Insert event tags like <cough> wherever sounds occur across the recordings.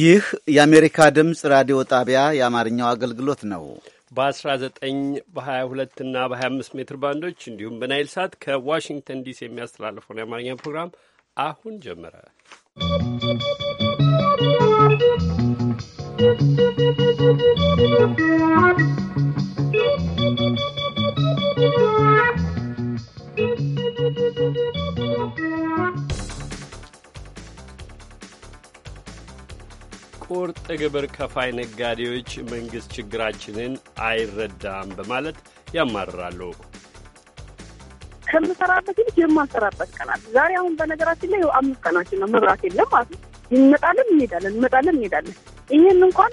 ይህ የአሜሪካ ድምፅ ራዲዮ ጣቢያ የአማርኛው አገልግሎት ነው። በ19 በ22 እና በ25 ሜትር ባንዶች እንዲሁም በናይል ሳት ከዋሽንግተን ዲሲ የሚያስተላልፈውን የአማርኛ ፕሮግራም አሁን ጀመረ። ¶¶ ቁርጥ ግብር ከፋይ ነጋዴዎች መንግሥት ችግራችንን አይረዳም በማለት ያማርራሉ። ከምሰራበት ይልቅ የማሰራበት ቀናት ዛሬ አሁን በነገራችን ላይ አምስት ቀናችን ነው መብራት የለም ማለት ነው። እንመጣለን እንሄዳለን፣ እንመጣለን እንሄዳለን። ይህን እንኳን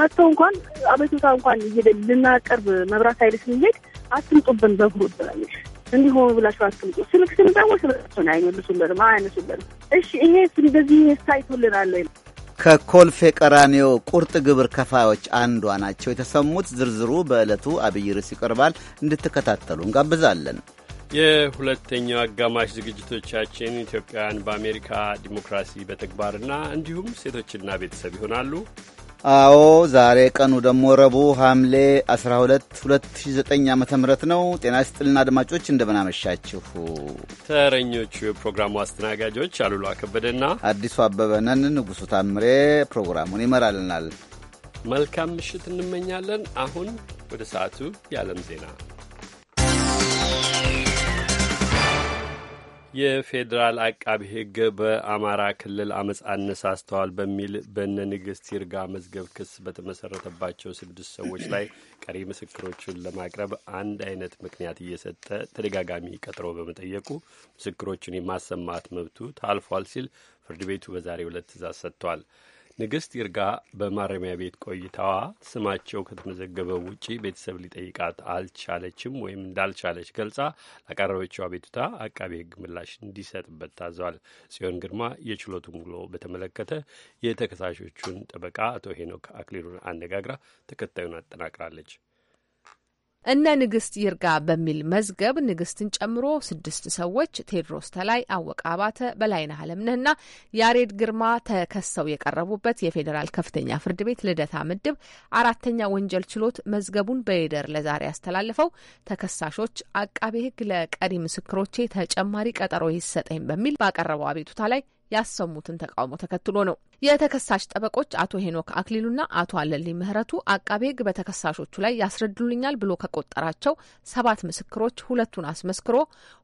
መጥተው እንኳን አቤቱታ እንኳን ይሄደ ልናቀርብ መብራት ኃይል ስንሄድ አትምጡብን በብሩ ብላለች እንዲህ ሆኖ ብላችሁ አትምጡ። ስልክ ስንደውል ስልካቸውን አይመልሱልንም፣ አያነሱልንም። እሺ ይሄ እንደዚህ ሳይቶልናለ ከኮልፌ ቀራኒዮ ቁርጥ ግብር ከፋዮች አንዷ ናቸው የተሰሙት። ዝርዝሩ በዕለቱ አብይ ርዕስ ይቀርባል። እንድትከታተሉ እንጋብዛለን። የሁለተኛው አጋማሽ ዝግጅቶቻችን ኢትዮጵያውያን በአሜሪካ ዲሞክራሲ በተግባርና እንዲሁም ሴቶችና ቤተሰብ ይሆናሉ። አዎ ዛሬ ቀኑ ደግሞ ረቡዕ ሐምሌ 12 2009 ዓ ም ነው። ጤና ይስጥልን አድማጮች እንደምናመሻችሁ። ተረኞቹ የፕሮግራሙ አስተናጋጆች አሉላ ከበደና አዲሱ አበበነን። ንጉሡ ታምሬ ፕሮግራሙን ይመራልናል። መልካም ምሽት እንመኛለን። አሁን ወደ ሰዓቱ የዓለም ዜና የፌዴራል አቃቢ ሕግ በአማራ ክልል አመፅ አነሳስተዋል በሚል በነ ንግስት ይርጋ መዝገብ ክስ በተመሰረተባቸው ስድስት ሰዎች ላይ ቀሪ ምስክሮችን ለማቅረብ አንድ አይነት ምክንያት እየሰጠ ተደጋጋሚ ቀጥሮ በመጠየቁ ምስክሮችን የማሰማት መብቱ ታልፏል ሲል ፍርድ ቤቱ በዛሬ ሁለት ትእዛዝ ሰጥቷል። ንግሥት ይርጋ በማረሚያ ቤት ቆይታዋ ስማቸው ከተመዘገበው ውጪ ቤተሰብ ሊጠይቃት አልቻለችም ወይም እንዳልቻለች ገልጻ ላቀረበችው አቤቱታ አቃቤ ሕግ ምላሽ እንዲሰጥበት ታዘዋል። ጽዮን ግርማ የችሎቱን ውሎ በተመለከተ የተከሳሾቹን ጠበቃ አቶ ሄኖክ አክሊሉን አነጋግራ ተከታዩን አጠናቅራለች። እነ ንግስት ይርጋ በሚል መዝገብ ንግስትን ጨምሮ ስድስት ሰዎች ቴድሮስ ተላይ፣ አወቀ አባተ፣ በላይነህ አለምነህና ያሬድ ግርማ ተከሰው የቀረቡበት የፌዴራል ከፍተኛ ፍርድ ቤት ልደታ ምድብ አራተኛ ወንጀል ችሎት መዝገቡን በይደር ለዛሬ ያስተላለፈው ተከሳሾች አቃቤ ሕግ ለቀሪ ምስክሮቼ ተጨማሪ ቀጠሮ ይሰጠኝ በሚል ባቀረበው አቤቱታ ላይ ያሰሙትን ተቃውሞ ተከትሎ ነው። የተከሳሽ ጠበቆች አቶ ሄኖክ አክሊሉና አቶ አለልኝ ምህረቱ አቃቤ ሕግ በተከሳሾቹ ላይ ያስረዱልኛል ብሎ ከቆጠራቸው ሰባት ምስክሮች ሁለቱን አስመስክሮ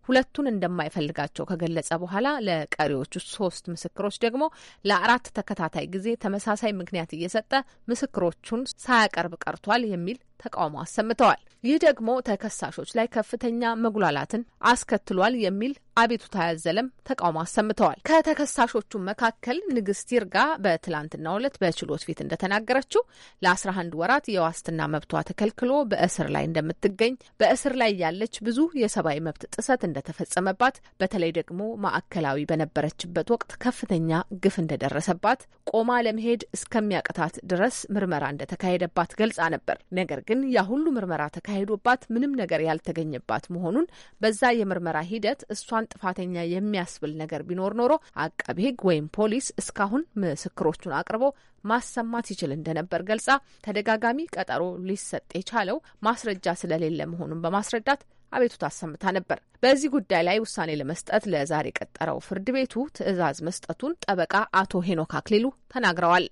ሁለቱን እንደማይፈልጋቸው ከገለጸ በኋላ ለቀሪዎቹ ሶስት ምስክሮች ደግሞ ለአራት ተከታታይ ጊዜ ተመሳሳይ ምክንያት እየሰጠ ምስክሮቹን ሳያቀርብ ቀርቷል የሚል ተቃውሞ አሰምተዋል። ይህ ደግሞ ተከሳሾች ላይ ከፍተኛ መጉላላትን አስከትሏል የሚል አቤቱታ ያዘለም ተቃውሞ አሰምተዋል። ከተከሳሾቹ መካከል ንግስት ይርጋ በትላንትናው ዕለት በችሎት ፊት እንደተናገረችው ለ11 ወራት የዋስትና መብቷ ተከልክሎ በእስር ላይ እንደምትገኝ፣ በእስር ላይ ያለች ብዙ የሰብአዊ መብት ጥሰት እንደተፈጸመባት፣ በተለይ ደግሞ ማዕከላዊ በነበረችበት ወቅት ከፍተኛ ግፍ እንደደረሰባት፣ ቆማ ለመሄድ እስከሚያቅታት ድረስ ምርመራ እንደተካሄደባት ገልጻ ነበር ነገር ግን ያ ሁሉ ምርመራ ተካሂዶባት ምንም ነገር ያልተገኘባት መሆኑን በዛ የምርመራ ሂደት እሷን ጥፋተኛ የሚያስብል ነገር ቢኖር ኖሮ አቃቢ ሕግ ወይም ፖሊስ እስካሁን ምስክሮቹን አቅርቦ ማሰማት ይችል እንደነበር ገልጻ ተደጋጋሚ ቀጠሮ ሊሰጥ የቻለው ማስረጃ ስለሌለ መሆኑን በማስረዳት አቤቱታ አሰምታ ነበር። በዚህ ጉዳይ ላይ ውሳኔ ለመስጠት ለዛሬ ቀጠረው ፍርድ ቤቱ ትዕዛዝ መስጠቱን ጠበቃ አቶ ሄኖክ አክሊሉ ተናግረዋል።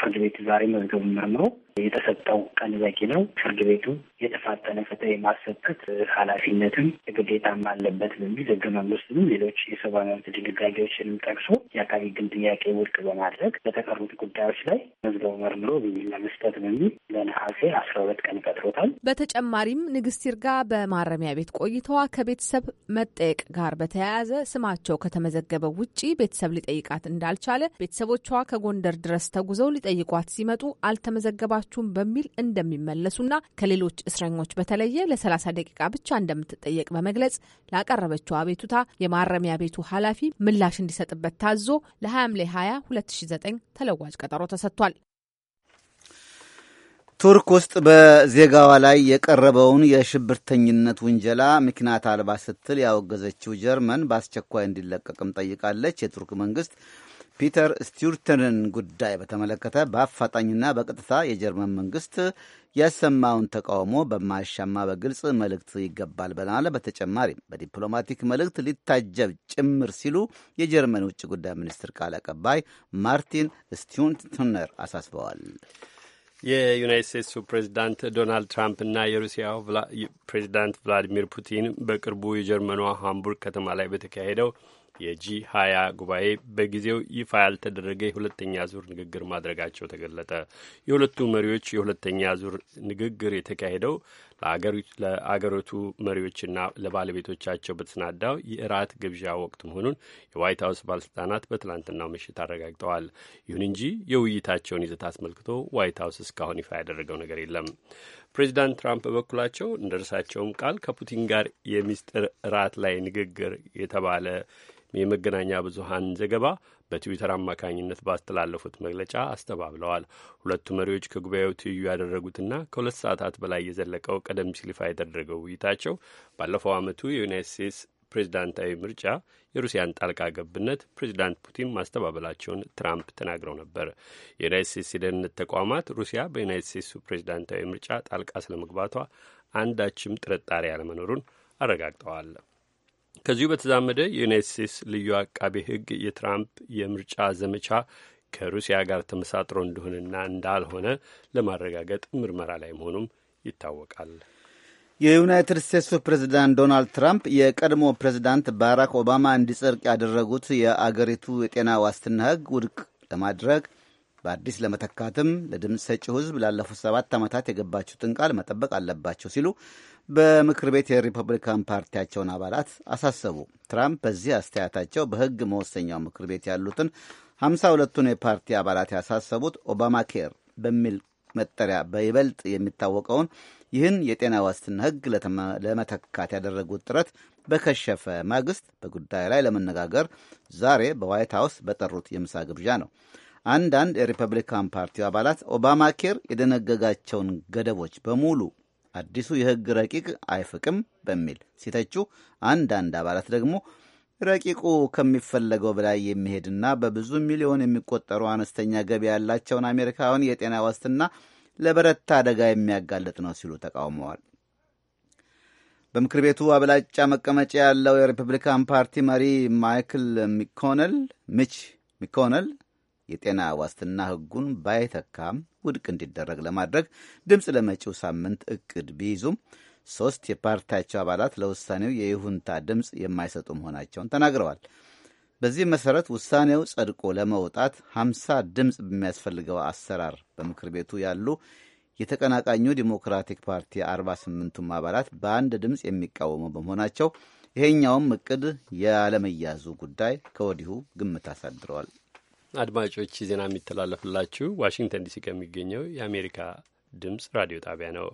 ፍርድ ቤት ዛሬ መዝገቡን መርምሮ የተሰጠው ቀን በቂ ነው። ፍርድ ቤቱ የተፋጠነ ፍትህ የማሰጠት ኃላፊነትም ግዴታም አለበት በሚል ህገ መንግስትም ሌሎች የሰብአዊ መብት ድንጋጌዎችንም ጠቅሶ የአካባቢ ግን ጥያቄ ውድቅ በማድረግ በተቀሩት ጉዳዮች ላይ መዝገቡ መርምሮ ብይን ለመስጠት በሚል ለነሐሴ አስራ ሁለት ቀን ቀጥሮታል። በተጨማሪም ንግስት ይርጋ በማረሚያ ቤት ቆይተዋ ከቤተሰብ መጠየቅ ጋር በተያያዘ ስማቸው ከተመዘገበ ውጪ ቤተሰብ ሊጠይቃት እንዳልቻለ ቤተሰቦቿ ከጎንደር ድረስ ተጉዘው ሊጠይቋት ሲመጡ አልተመዘገባቸው አልተፈታችሁም በሚል እንደሚመለሱና ከሌሎች እስረኞች በተለየ ለ30 ደቂቃ ብቻ እንደምትጠየቅ በመግለጽ ላቀረበችው አቤቱታ የማረሚያ ቤቱ ኃላፊ ምላሽ እንዲሰጥበት ታዞ ለሐምሌ 20 2009 ተለዋጭ ቀጠሮ ተሰጥቷል። ቱርክ ውስጥ በዜጋዋ ላይ የቀረበውን የሽብርተኝነት ውንጀላ ምክንያት አልባ ስትል ያወገዘችው ጀርመን በአስቸኳይ እንዲለቀቅም ጠይቃለች። የቱርክ መንግስት ፒተር ስቲርተንን ጉዳይ በተመለከተ በአፋጣኝና በቀጥታ የጀርመን መንግስት ያሰማውን ተቃውሞ በማያሻማ በግልጽ መልእክት ይገባል በማለ በተጨማሪም በዲፕሎማቲክ መልእክት ሊታጀብ ጭምር ሲሉ የጀርመን ውጭ ጉዳይ ሚኒስትር ቃል አቀባይ ማርቲን ስቲርተነር አሳስበዋል። የዩናይት ስቴትሱ ፕሬዚዳንት ዶናልድ ትራምፕና የሩሲያው ፕሬዚዳንት ቭላዲሚር ፑቲን በቅርቡ የጀርመኗ ሃምቡርግ ከተማ ላይ በተካሄደው የጂ 20 ጉባኤ በጊዜው ይፋ ያልተደረገ የሁለተኛ ዙር ንግግር ማድረጋቸው ተገለጠ። የሁለቱ መሪዎች የሁለተኛ ዙር ንግግር የተካሄደው ለአገሪቱ መሪዎችና ለባለቤቶቻቸው በተሰናዳው የእራት ግብዣ ወቅት መሆኑን የዋይት ሀውስ ባለስልጣናት በትላንትናው ምሽት አረጋግጠዋል። ይሁን እንጂ የውይይታቸውን ይዘት አስመልክቶ ዋይት ሀውስ እስካሁን ይፋ ያደረገው ነገር የለም። ፕሬዚዳንት ትራምፕ በበኩላቸው እንደ እርሳቸውም ቃል ከፑቲን ጋር የሚስጥር እራት ላይ ንግግር የተባለ የመገናኛ ብዙሀን ዘገባ በትዊተር አማካኝነት ባስተላለፉት መግለጫ አስተባብለዋል። ሁለቱ መሪዎች ከጉባኤው ትይዩ ያደረጉትና ከሁለት ሰዓታት በላይ የዘለቀው ቀደም ሲል ይፋ የተደረገው ውይይታቸው ባለፈው ዓመቱ የዩናይት ስቴትስ ፕሬዚዳንታዊ ምርጫ የሩሲያን ጣልቃ ገብነት ፕሬዚዳንት ፑቲን ማስተባበላቸውን ትራምፕ ተናግረው ነበር። የዩናይት ስቴትስ የደህንነት ተቋማት ሩሲያ በዩናይት ስቴትሱ ፕሬዚዳንታዊ ምርጫ ጣልቃ ስለመግባቷ አንዳችም ጥርጣሬ ያለመኖሩን አረጋግጠዋል። ከዚሁ በተዛመደ የዩናይት ስቴትስ ልዩ አቃቤ ሕግ የትራምፕ የምርጫ ዘመቻ ከሩሲያ ጋር ተመሳጥሮ እንደሆነና እንዳልሆነ ለማረጋገጥ ምርመራ ላይ መሆኑም ይታወቃል። የዩናይትድ ስቴትሱ ፕሬዝዳንት ዶናልድ ትራምፕ የቀድሞ ፕሬዝዳንት ባራክ ኦባማ እንዲጸድቅ ያደረጉት የአገሪቱ የጤና ዋስትና ሕግ ውድቅ ለማድረግ በአዲስ ለመተካትም ለድምፅ ሰጪው ሕዝብ ላለፉት ሰባት ዓመታት የገባችሁትን ቃል መጠበቅ አለባቸው ሲሉ በምክር ቤት የሪፐብሊካን ፓርቲያቸውን አባላት አሳሰቡ። ትራምፕ በዚህ አስተያየታቸው በሕግ መወሰኛው ምክር ቤት ያሉትን ሀምሳ ሁለቱን የፓርቲ አባላት ያሳሰቡት ኦባማ ኬር በሚል መጠሪያ በይበልጥ የሚታወቀውን ይህን የጤና ዋስትና ሕግ ለመተካት ያደረጉት ጥረት በከሸፈ ማግስት በጉዳዩ ላይ ለመነጋገር ዛሬ በዋይት ሀውስ በጠሩት የምሳ ግብዣ ነው። አንዳንድ የሪፐብሊካን ፓርቲው አባላት ኦባማ ኬር የደነገጋቸውን ገደቦች በሙሉ አዲሱ የህግ ረቂቅ አይፍቅም በሚል ሲተቹ፣ አንዳንድ አባላት ደግሞ ረቂቁ ከሚፈለገው በላይ የሚሄድና በብዙ ሚሊዮን የሚቆጠሩ አነስተኛ ገቢ ያላቸውን አሜሪካውያን የጤና ዋስትና ለበረታ አደጋ የሚያጋልጥ ነው ሲሉ ተቃውመዋል። በምክር ቤቱ አብላጫ መቀመጫ ያለው የሪፐብሊካን ፓርቲ መሪ ማይክል ሚኮነል ሚች ሚኮነል የጤና ዋስትና ሕጉን ባይተካም ውድቅ እንዲደረግ ለማድረግ ድምፅ ለመጪው ሳምንት እቅድ ቢይዙም ሶስት የፓርቲያቸው አባላት ለውሳኔው የይሁንታ ድምፅ የማይሰጡ መሆናቸውን ተናግረዋል። በዚህ መሰረት ውሳኔው ጸድቆ ለመውጣት 50 ድምፅ በሚያስፈልገው አሰራር በምክር ቤቱ ያሉ የተቀናቃኙ ዲሞክራቲክ ፓርቲ 48ቱም አባላት በአንድ ድምፅ የሚቃወሙ በመሆናቸው ይሄኛውም እቅድ ያለመያዙ ጉዳይ ከወዲሁ ግምት አሳድረዋል። አድማጮች ዜና የሚተላለፍላችሁ ዋሽንግተን ዲሲ ከሚገኘው የአሜሪካ ድምፅ ራዲዮ ጣቢያ ነው።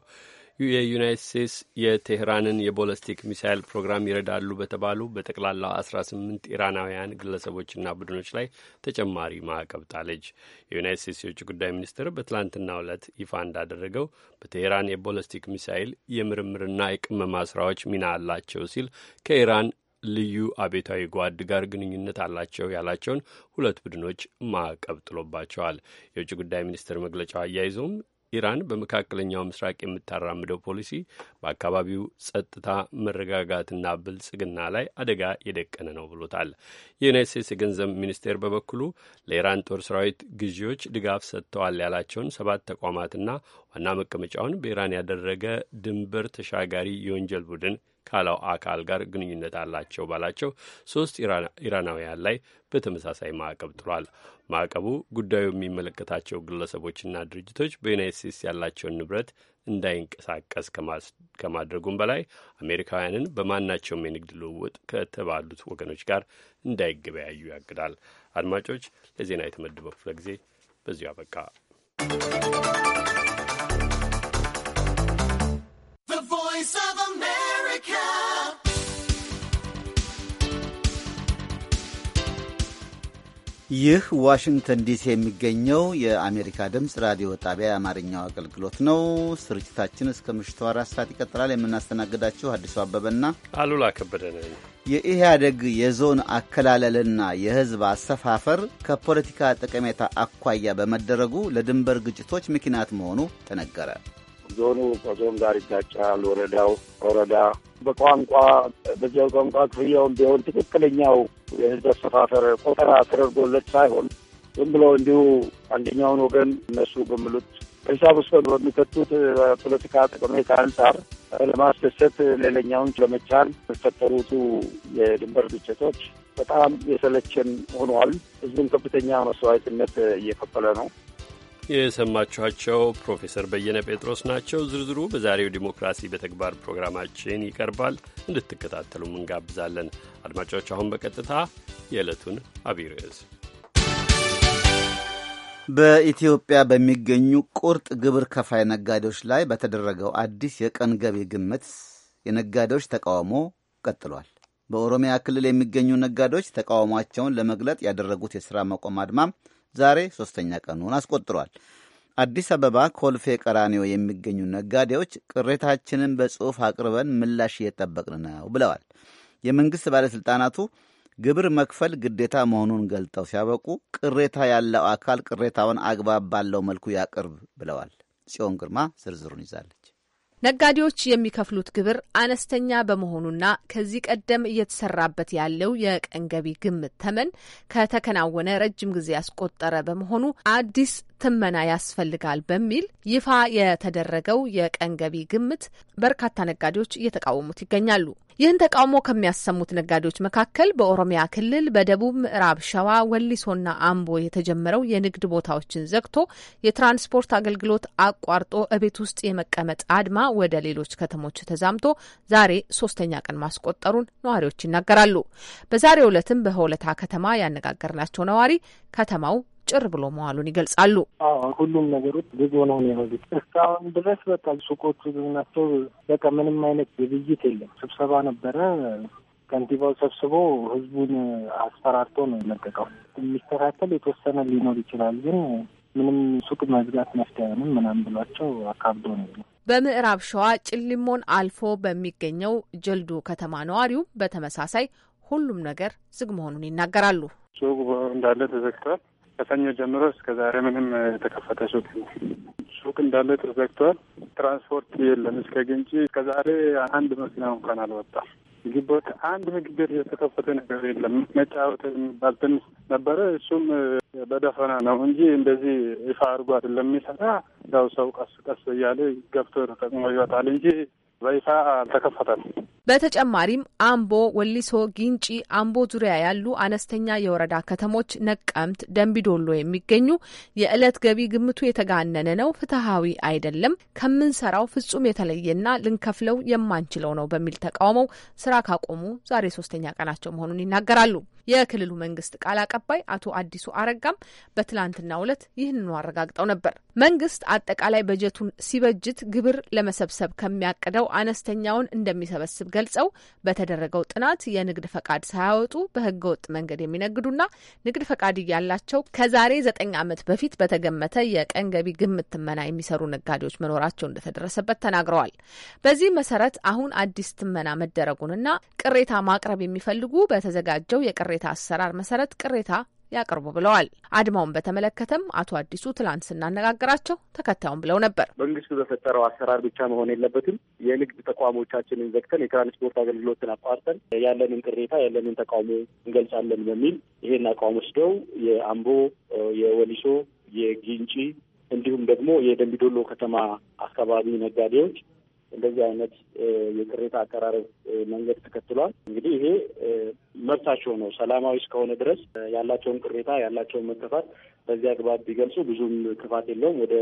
የዩናይት ስቴትስ የቴህራንን የቦለስቲክ ሚሳይል ፕሮግራም ይረዳሉ በተባሉ በጠቅላላው 18 ኢራናውያን ግለሰቦችና ቡድኖች ላይ ተጨማሪ ማዕቀብ ጣለች። የዩናይት ስቴትስ የውጭ ጉዳይ ሚኒስትር በትላንትና ዕለት ይፋ እንዳደረገው በቴህራን የቦለስቲክ ሚሳይል የምርምርና የቅመማ ስራዎች ሚና አላቸው ሲል ከኢራን ልዩ አቤታዊ ጓድ ጋር ግንኙነት አላቸው ያላቸውን ሁለት ቡድኖች ማዕቀብ ጥሎባቸዋል። የውጭ ጉዳይ ሚኒስቴር መግለጫው አያይዞም ኢራን በመካከለኛው ምስራቅ የምታራምደው ፖሊሲ በአካባቢው ጸጥታ፣ መረጋጋትና ብልጽግና ላይ አደጋ የደቀነ ነው ብሎታል። የዩናይት ስቴትስ የገንዘብ ሚኒስቴር በበኩሉ ለኢራን ጦር ሰራዊት ግዢዎች ድጋፍ ሰጥተዋል ያላቸውን ሰባት ተቋማትና ዋና መቀመጫውን በኢራን ያደረገ ድንበር ተሻጋሪ የወንጀል ቡድን ካለው አካል ጋር ግንኙነት አላቸው ባላቸው ሶስት ኢራናውያን ላይ በተመሳሳይ ማዕቀብ ጥሏል። ማዕቀቡ ጉዳዩ የሚመለከታቸው ግለሰቦችና ድርጅቶች በዩናይት ስቴትስ ያላቸውን ንብረት እንዳይንቀሳቀስ ከማድረጉም በላይ አሜሪካውያንን በማናቸውም የንግድ ልውውጥ ከተባሉት ወገኖች ጋር እንዳይገበያዩ ያግዳል። አድማጮች፣ ለዜና የተመደበው ክፍለ ጊዜ በዚሁ አበቃ። ይህ ዋሽንግተን ዲሲ የሚገኘው የአሜሪካ ድምፅ ራዲዮ ጣቢያ የአማርኛው አገልግሎት ነው። ስርጭታችን እስከ ምሽቱ አራት ሰዓት ይቀጥላል። የምናስተናግዳችሁ አዲሱ አበበና አሉላ ከበደ ነን። የኢህአደግ የዞን አከላለልና የህዝብ አሰፋፈር ከፖለቲካ ጠቀሜታ አኳያ በመደረጉ ለድንበር ግጭቶች ምክንያት መሆኑ ተነገረ። ዞኑ ከዞን ጋር ይጋጫል። ወረዳው ወረዳ በቋንቋ በዚያው ቋንቋ ክፍያውን ቢሆን ትክክለኛው የህዝብ አሰፋፈር ቆጠራ ተደርጎለት ሳይሆን ዝም ብሎ እንዲሁ አንደኛውን ወገን እነሱ በሚሉት ሂሳብ ውስጥ በሚከቱት ፖለቲካ ጠቀሜታ አንጻር ለማስደሰት ሌላኛውን ለመቻል የፈጠሩቱ የድንበር ግጭቶች በጣም የሰለችን ሆኗል። ህዝቡን ከፍተኛ መስዋዕትነት እየከፈለ ነው። የሰማችኋቸው ፕሮፌሰር በየነ ጴጥሮስ ናቸው። ዝርዝሩ በዛሬው ዲሞክራሲ በተግባር ፕሮግራማችን ይቀርባል። እንድትከታተሉም እንጋብዛለን። አድማጮች፣ አሁን በቀጥታ የዕለቱን አብይ ርዕስ በኢትዮጵያ በሚገኙ ቁርጥ ግብር ከፋይ ነጋዴዎች ላይ በተደረገው አዲስ የቀን ገቢ ግምት የነጋዴዎች ተቃውሞ ቀጥሏል። በኦሮሚያ ክልል የሚገኙ ነጋዴዎች ተቃውሟቸውን ለመግለጥ ያደረጉት የሥራ መቆም አድማም ዛሬ ሶስተኛ ቀኑን አስቆጥሯል። አዲስ አበባ ኮልፌ ቀራኒዮ የሚገኙ ነጋዴዎች ቅሬታችንን በጽሑፍ አቅርበን ምላሽ እየጠበቅን ነው ብለዋል። የመንግሥት ባለሥልጣናቱ ግብር መክፈል ግዴታ መሆኑን ገልጠው ሲያበቁ ቅሬታ ያለው አካል ቅሬታውን አግባብ ባለው መልኩ ያቅርብ ብለዋል። ጽዮን ግርማ ዝርዝሩን ይዛለች። ነጋዴዎች የሚከፍሉት ግብር አነስተኛ በመሆኑና ከዚህ ቀደም እየተሰራበት ያለው የቀን ገቢ ግምት ተመን ከተከናወነ ረጅም ጊዜ ያስቆጠረ በመሆኑ አዲስ ትመና ያስፈልጋል በሚል ይፋ የተደረገው የቀን ገቢ ግምት በርካታ ነጋዴዎች እየተቃወሙት ይገኛሉ። ይህን ተቃውሞ ከሚያሰሙት ነጋዴዎች መካከል በኦሮሚያ ክልል በደቡብ ምዕራብ ሸዋ ወሊሶና አምቦ የተጀመረው የንግድ ቦታዎችን ዘግቶ የትራንስፖርት አገልግሎት አቋርጦ እቤት ውስጥ የመቀመጥ አድማ ወደ ሌሎች ከተሞች ተዛምቶ ዛሬ ሶስተኛ ቀን ማስቆጠሩን ነዋሪዎች ይናገራሉ። በዛሬው ዕለትም በሆለታ ከተማ ያነጋገርናቸው ነዋሪ ከተማው ጭር ብሎ መዋሉን ይገልጻሉ። ሁሉም ነገሮች ዝግ ሆነው ነው የዋሉት። እስካሁን ድረስ በቃ ሱቆቹ ዝግ ናቸው። በቃ ምንም አይነት ግብይት የለም። ስብሰባ ነበረ ከንቲባው ሰብስቦ ህዝቡን አስፈራርቶ ነው የለቀቀው። የሚስተካከል የተወሰነ ሊኖር ይችላል፣ ግን ምንም ሱቅ መዝጋት መፍትያንም ምናም ብሏቸው አካብዶ ነው። በምዕራብ ሸዋ ጭሊሞን አልፎ በሚገኘው ጀልዱ ከተማ ነዋሪው በተመሳሳይ ሁሉም ነገር ዝግ መሆኑን ይናገራሉ። ሱቅ እንዳለ ተዘግቷል። ከሰኞ ጀምሮ እስከ ዛሬ ምንም የተከፈተ ሱቅ ሱቅ እንዳለ ተዘግተዋል። ትራንስፖርት የለም። እስከ ግንጭ እስከ ዛሬ አንድ መኪና እንኳን አልወጣም። ግቦት አንድ ምግብ ቤት የተከፈተ ነገር የለም። መጫወት የሚባል ትንሽ ነበረ። እሱም በደፈና ነው እንጂ እንደዚህ ይፋ አድርጓት ለሚሰራ ያው ሰው ቀስ ቀስ እያለ ገብቶ ተጠቅሞ ይወጣል እንጂ በይፋ አልተከፈተም። በተጨማሪም አምቦ፣ ወሊሶ፣ ጊንጪ፣ አምቦ ዙሪያ ያሉ አነስተኛ የወረዳ ከተሞች፣ ነቀምት፣ ደንቢዶሎ የሚገኙ የዕለት ገቢ ግምቱ የተጋነነ ነው፣ ፍትሐዊ አይደለም፣ ከምንሰራው ፍጹም የተለየና ልንከፍለው የማንችለው ነው በሚል ተቃውመው ስራ ካቆሙ ዛሬ ሶስተኛ ቀናቸው መሆኑን ይናገራሉ። የክልሉ መንግስት ቃል አቀባይ አቶ አዲሱ አረጋም በትላንትናው ዕለት ይህንኑ አረጋግጠው ነበር። መንግስት አጠቃላይ በጀቱን ሲበጅት ግብር ለመሰብሰብ ከሚያቅደው አነስተኛውን እንደሚሰበስብ ገልጸው በተደረገው ጥናት የንግድ ፈቃድ ሳያወጡ በህገ ወጥ መንገድ የሚነግዱና ንግድ ፈቃድ እያላቸው ከዛሬ ዘጠኝ ዓመት በፊት በተገመተ የቀን ገቢ ግምት ትመና የሚሰሩ ነጋዴዎች መኖራቸው እንደተደረሰበት ተናግረዋል። በዚህ መሰረት አሁን አዲስ ትመና መደረጉንና ቅሬታ ማቅረብ የሚፈልጉ በተዘጋጀው የቅሬታ አሰራር መሰረት ቅሬታ ያቅርቡ ብለዋል። አድማውን በተመለከተም አቶ አዲሱ ትላንት ስናነጋግራቸው ተከታዩን ብለው ነበር። መንግስቱ በፈጠረው አሰራር ብቻ መሆን የለበትም። የንግድ ተቋሞቻችንን ዘግተን የትራንስፖርት አገልግሎትን አቋርጠን ያለንን ቅሬታ ያለንን ተቃውሞ እንገልጻለን በሚል ይሄን አቋም ወስደው የአምቦ፣ የወሊሶ፣ የጊንጪ እንዲሁም ደግሞ የደምቢዶሎ ከተማ አካባቢ ነጋዴዎች እንደዚህ አይነት የቅሬታ አቀራረብ መንገድ ተከትሏል። እንግዲህ ይሄ መብታቸው ነው። ሰላማዊ እስከሆነ ድረስ ያላቸውን ቅሬታ ያላቸውን መከፋት በዚህ አግባብ ቢገልጹ ብዙም ክፋት የለውም። ወደ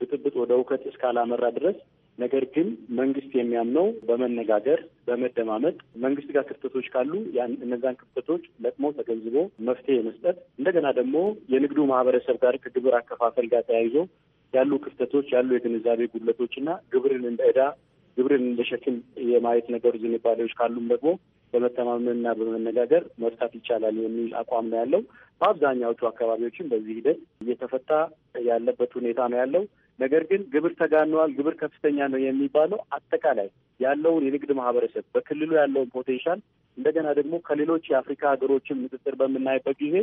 ብጥብጥ ወደ እውከት እስካላመራ ድረስ ነገር ግን መንግስት የሚያምነው በመነጋገር በመደማመጥ መንግስት ጋር ክፍተቶች ካሉ እነዛን ክፍተቶች ለቅሞ ተገንዝቦ መፍትሄ መስጠት እንደገና ደግሞ የንግዱ ማህበረሰብ ጋር ከግብር አከፋፈል ጋር ተያይዞ ያሉ ክፍተቶች ያሉ የግንዛቤ ጉለቶች እና ግብርን እንደ ዕዳ ግብርን እንደ ሸክም የማየት ነገሩ ዝንባሌዎች ካሉም ደግሞ በመተማመንና በመነጋገር መፍታት ይቻላል የሚል አቋም ነው ያለው። በአብዛኛዎቹ አካባቢዎችም በዚህ ሂደት እየተፈታ ያለበት ሁኔታ ነው ያለው። ነገር ግን ግብር ተጋኗል፣ ግብር ከፍተኛ ነው የሚባለው አጠቃላይ ያለውን የንግድ ማህበረሰብ በክልሉ ያለውን ፖቴንሻል እንደገና ደግሞ ከሌሎች የአፍሪካ ሀገሮችን ምጥጥር በምናይበት ጊዜ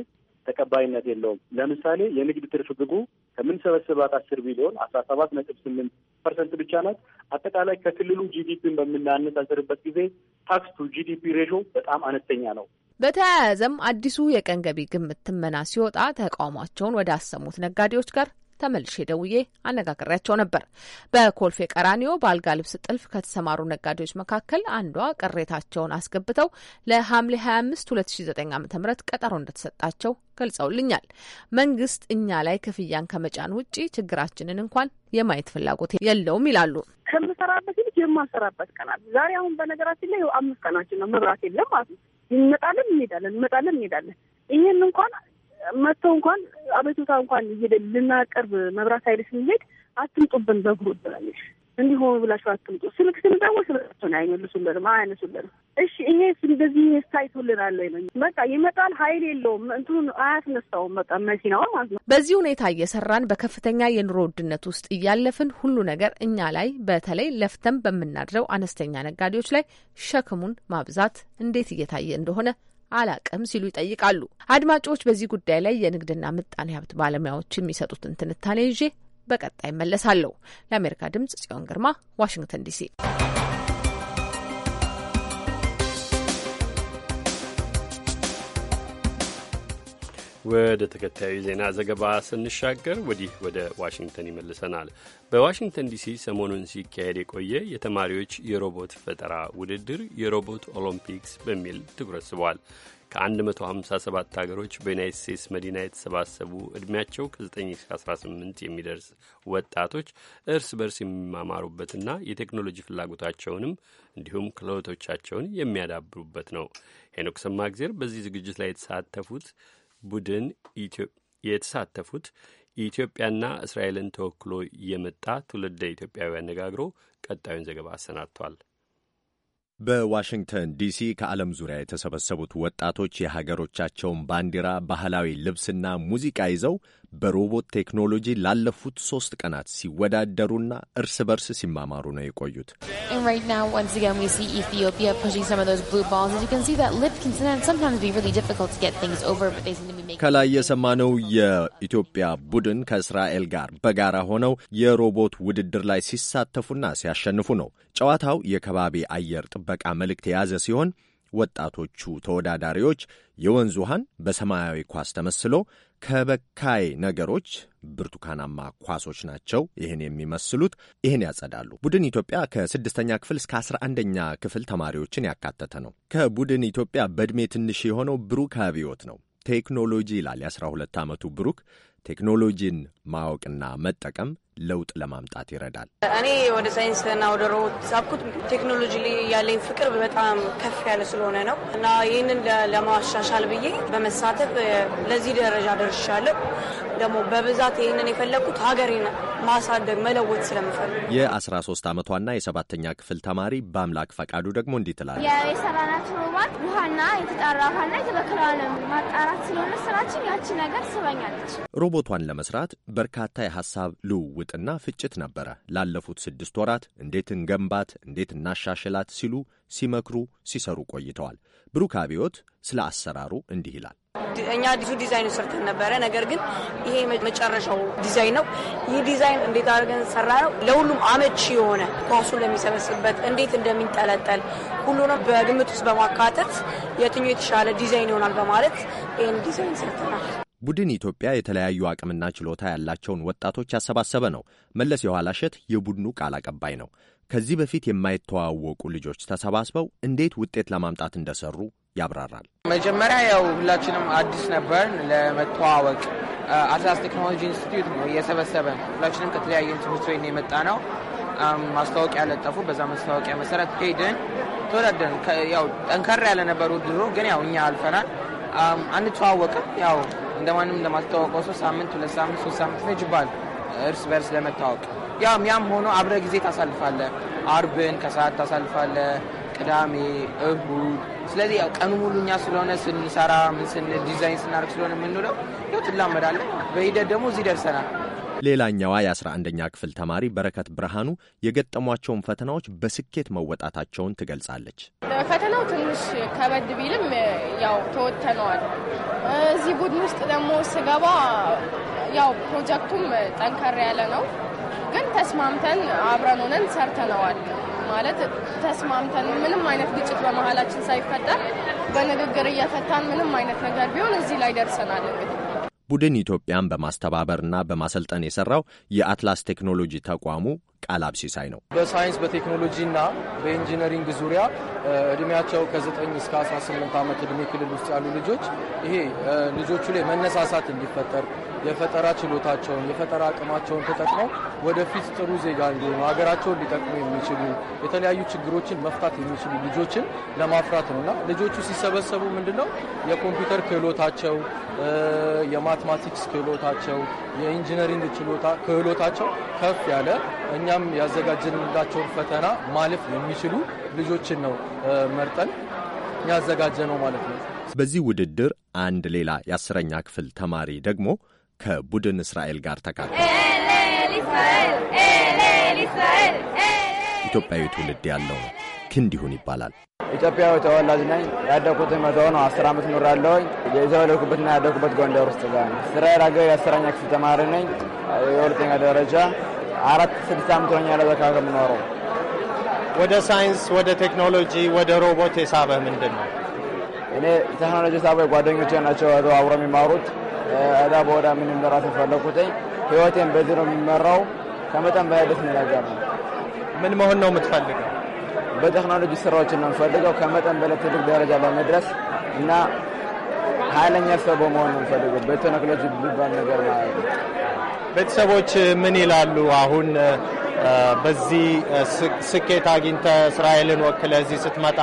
ተቀባይነት የለውም። ለምሳሌ የንግድ ትርፍ ብጉ ከምንሰበስባት አስር ቢሊዮን አስራ ሰባት ነጥብ ስምንት ፐርሰንት ብቻ ናት። አጠቃላይ ከክልሉ ጂዲፒን በምናነጻጽርበት ጊዜ ታክስ ቱ ጂዲፒ ሬሾ በጣም አነስተኛ ነው። በተያያዘም አዲሱ የቀን ገቢ ግምት ትመና ሲወጣ ተቃውሟቸውን ወደ አሰሙት ነጋዴዎች ጋር ተመልሼ ደውዬ አነጋግሬያቸው ነበር። በኮልፌ ቀራኒዮ በአልጋ ልብስ ጥልፍ ከተሰማሩ ነጋዴዎች መካከል አንዷ ቅሬታቸውን አስገብተው ለሐምሌ 25 2009 ዓ ም ቀጠሮ እንደተሰጣቸው ገልጸውልኛል። መንግስት እኛ ላይ ክፍያን ከመጫን ውጪ ችግራችንን እንኳን የማየት ፍላጎት የለውም ይላሉ። ከምሰራበት ይልቅ የማሰራበት ቀናት ዛሬ አሁን በነገራችን ላይ አምስት ቀናችን ነው። መብራት የለም ማለት ነው። እንመጣለን እንሄዳለን፣ እንመጣለን እንሄዳለን። ይህን እንኳን መጥተው እንኳን አቤቱታ እንኳን ልናቀርብ መብራት ኃይል ስንሄድ አትምጡብን በእግሩ ብላለች እንዲሆኑ ብላቸው አትምጡ። ስልክ ስንጠወ ስለሱን አይመልሱልንም፣ አያነሱልንም። እሺ ይሄ እንደዚህ ታይቶልናል ነው በቃ ይመጣል፣ ኃይል የለውም እንትኑን አያስነሳውም፣ በቃ መኪናው ማለት ነው። በዚህ ሁኔታ እየሰራን በከፍተኛ የኑሮ ውድነት ውስጥ እያለፍን ሁሉ ነገር እኛ ላይ በተለይ ለፍተን በምናድረው አነስተኛ ነጋዴዎች ላይ ሸክሙን ማብዛት እንዴት እየታየ እንደሆነ አላቅም ሲሉ ይጠይቃሉ። አድማጮች በዚህ ጉዳይ ላይ የንግድና ምጣኔ ሀብት ባለሙያዎች የሚሰጡትን ትንታኔ ይዤ በቀጣይ መለሳለሁ። ለአሜሪካ ድምጽ ጽዮን ግርማ ዋሽንግተን ዲሲ ወደ ተከታዩ ዜና ዘገባ ስንሻገር ወዲህ ወደ ዋሽንግተን ይመልሰናል። በዋሽንግተን ዲሲ ሰሞኑን ሲካሄድ የቆየ የተማሪዎች የሮቦት ፈጠራ ውድድር የሮቦት ኦሎምፒክስ በሚል ትኩረት ስቧል። ከ157 ሀገሮች በዩናይት ስቴትስ መዲና የተሰባሰቡ ዕድሜያቸው ከ9 እስከ 18 የሚደርስ ወጣቶች እርስ በርስ የሚማማሩበትና የቴክኖሎጂ ፍላጎታቸውንም እንዲሁም ክህሎቶቻቸውን የሚያዳብሩበት ነው። ሄኖክ ሰማእግዜር በዚህ ዝግጅት ላይ የተሳተፉት ቡድን የተሳተፉት የኢትዮጵያና እስራኤልን ተወክሎ የመጣ ትውልደ ኢትዮጵያዊ አነጋግሮ ቀጣዩን ዘገባ አሰናድቷል። በዋሽንግተን ዲሲ ከዓለም ዙሪያ የተሰበሰቡት ወጣቶች የሀገሮቻቸውን ባንዲራ፣ ባህላዊ ልብስና ሙዚቃ ይዘው በሮቦት ቴክኖሎጂ ላለፉት ሶስት ቀናት ሲወዳደሩና እርስ በርስ ሲማማሩ ነው የቆዩት። ከላይ የሰማነው የኢትዮጵያ ቡድን ከእስራኤል ጋር በጋራ ሆነው የሮቦት ውድድር ላይ ሲሳተፉና ሲያሸንፉ ነው። ጨዋታው የከባቢ አየር ጥበቃ መልእክት የያዘ ሲሆን ወጣቶቹ ተወዳዳሪዎች የወንዝ ውሃን በሰማያዊ ኳስ ተመስሎ ከበካይ ነገሮች ብርቱካናማ ኳሶች ናቸው ይህን የሚመስሉት ይህን ያጸዳሉ። ቡድን ኢትዮጵያ ከስድስተኛ ክፍል እስከ አስራ አንደኛ ክፍል ተማሪዎችን ያካተተ ነው። ከቡድን ኢትዮጵያ በእድሜ ትንሽ የሆነው ብሩክ አብዮት ነው። ቴክኖሎጂ ይላል የአስራ ሁለት ዓመቱ ብሩክ ቴክኖሎጂን ማወቅና መጠቀም ለውጥ ለማምጣት ይረዳል። እኔ ወደ ሳይንስና ወደ ሮቦት ሳብኩት ቴክኖሎጂ ላይ ያለኝ ፍቅር በጣም ከፍ ያለ ስለሆነ ነው እና ይህንን ለማሻሻል ብዬ በመሳተፍ ለዚህ ደረጃ ደርሻለሁ። ደግሞ በብዛት ይህንን የፈለግኩት ሀገሬን ማሳደግ መለወጥ ስለምፈልግ። የ13 ዓመቷና የሰባተኛ ክፍል ተማሪ በአምላክ ፈቃዱ ደግሞ እንዲህ ትላለች። የሰራናት ሮባት ውሃና የተጣራ ውሃና የተበከለ ማጣራት ስለሆነ ስራችን ያቺ ነገር ስበኛለች። ሮቦቷን ለመስራት በርካታ የሀሳብ ልውውጥ እርቅና ፍጭት ነበረ ላለፉት ስድስት ወራት እንዴት እንገንባት፣ እንዴት እናሻሽላት ሲሉ ሲመክሩ ሲሰሩ ቆይተዋል። ብሩክ አብዮት ስለ አሰራሩ እንዲህ ይላል። እኛ አዲሱ ዲዛይን ሰርተን ነበረ። ነገር ግን ይሄ መጨረሻው ዲዛይን ነው። ይህ ዲዛይን እንዴት አድርገን ሰራ ነው ለሁሉም አመቺ የሆነ ኳሱን ለሚሰበስብበት እንዴት እንደሚንጠለጠል ሁሉንም በግምት ውስጥ በማካተት የትኛው የተሻለ ዲዛይን ይሆናል በማለት ይህን ዲዛይን ሰርተናል። ቡድን ኢትዮጵያ የተለያዩ አቅምና ችሎታ ያላቸውን ወጣቶች ያሰባሰበ ነው። መለስ የኋላ እሸት የቡድኑ ቃል አቀባይ ነው። ከዚህ በፊት የማይተዋወቁ ልጆች ተሰባስበው እንዴት ውጤት ለማምጣት እንደሰሩ ያብራራል። መጀመሪያ ያው ሁላችንም አዲስ ነበር ለመተዋወቅ አትላስ ቴክኖሎጂ ኢንስቲትዩት እየሰበሰበ ሁላችንም ከተለያየ ትምህርት ቤት የመጣ ነው። ማስታወቂያ ለጠፉ። በዛ ማስታወቂያ መሰረት ሄድን፣ ተወዳደርን። ያው ጠንከር ያለ ነበሩ ድሮ ግን ያው እኛ አልፈናል። አንተዋወቅም ያው እንደማንም ለማስተዋወቀው ሰው ሳምንት፣ ሁለት ሳምንት፣ ሶስት ሳምንት ይፈጅባል እርስ በርስ ለመታወቅ። ያም ያም ሆኖ አብረ ጊዜ ታሳልፋለ። አርብን ከሰዓት ታሳልፋለ፣ ቅዳሜ፣ እሁድ። ስለዚህ ቀኑ ሙሉ እኛ ስለሆነ ስንሰራ ምን ስንል ዲዛይን ስናደርግ ስለሆነ የምንውለው ይኸው ትላመዳለ። በሂደት ደግሞ እዚህ ደርሰናል። ሌላኛዋ የ11ኛ ክፍል ተማሪ በረከት ብርሃኑ የገጠሟቸውን ፈተናዎች በስኬት መወጣታቸውን ትገልጻለች። ፈተናው ትንሽ ከበድ ቢልም ያው ተወጥተነዋል። እዚህ ቡድን ውስጥ ደግሞ ስገባ ያው ፕሮጀክቱም ጠንከር ያለ ነው፣ ግን ተስማምተን አብረን ሆነን ሰርተነዋል። ማለት ተስማምተን ምንም አይነት ግጭት በመሀላችን ሳይፈጠር በንግግር እየፈታን ምንም አይነት ነገር ቢሆን እዚህ ላይ ደርሰናል እንግዲህ ቡድን ኢትዮጵያን በማስተባበርና በማሰልጠን የሰራው የአትላስ ቴክኖሎጂ ተቋሙ ቃል አብሲሳይ ነው። በሳይንስ በቴክኖሎጂና በኢንጂነሪንግ ዙሪያ እድሜያቸው ከ9 እስከ 18 ዓመት እድሜ ክልል ውስጥ ያሉ ልጆች ይሄ ልጆቹ ላይ መነሳሳት እንዲፈጠር የፈጠራ ችሎታቸውን የፈጠራ አቅማቸውን ተጠቅመው ወደፊት ጥሩ ዜጋ እንዲሆኑ ሀገራቸውን ሊጠቅሙ የሚችሉ የተለያዩ ችግሮችን መፍታት የሚችሉ ልጆችን ለማፍራት ነውና ልጆቹ ሲሰበሰቡ ምንድነው የኮምፒውተር ክህሎታቸው፣ የማትማቲክስ ክህሎታቸው፣ የኢንጂነሪንግ ችሎታ ክህሎታቸው ከፍ ያለ እኛ እኛም ያዘጋጀንላቸውን ፈተና ማለፍ የሚችሉ ልጆችን ነው መርጠን ያዘጋጀ ነው ማለት ነው። በዚህ ውድድር አንድ ሌላ የአስረኛ ክፍል ተማሪ ደግሞ ከቡድን እስራኤል ጋር ተካል ኢትዮጵያዊ ትውልድ ያለው ነው። ክንዲሁን ይባላል። ኢትዮጵያዊ ተወላጅ ነኝ። ያደኩት መተው ነው። አስር ዓመት ኑር ያለውኝ የተወለድኩበትና ያደኩበት ጎንደር ውስጥ ጋር ነው። እስራኤል ሀገር የአስረኛ ክፍል ተማሪ ነኝ። የሁለተኛ ደረጃ አራት ስድስት ዓመት ሆኛ በካ ከምኖረው ወደ ሳይንስ፣ ወደ ቴክኖሎጂ፣ ወደ ሮቦት የሳበ ምንድን ነው? እኔ ቴክኖሎጂ ሳበ ጓደኞቼ ናቸው አብሮ የሚማሩት እዳ በወዳ ምን መራት ፈለኩትኝ። ህይወቴን በዚህ ነው የሚመራው። ከመጠን በላይ ነገር ነው። ምን መሆን ነው የምትፈልገው? በቴክኖሎጂ ስራዎችን ነው የምፈልገው ከመጠን በላይ ትልቅ ደረጃ ለመድረስ እና ኃይለኛ ሰው በመሆን ነው የምፈልገው። በቴክኖሎጂ የሚባል ነገር ማለት ነው። ቤተሰቦች ምን ይላሉ? አሁን በዚህ ስኬት አግኝተህ እስራኤልን ወክለህ እዚህ ስትመጣ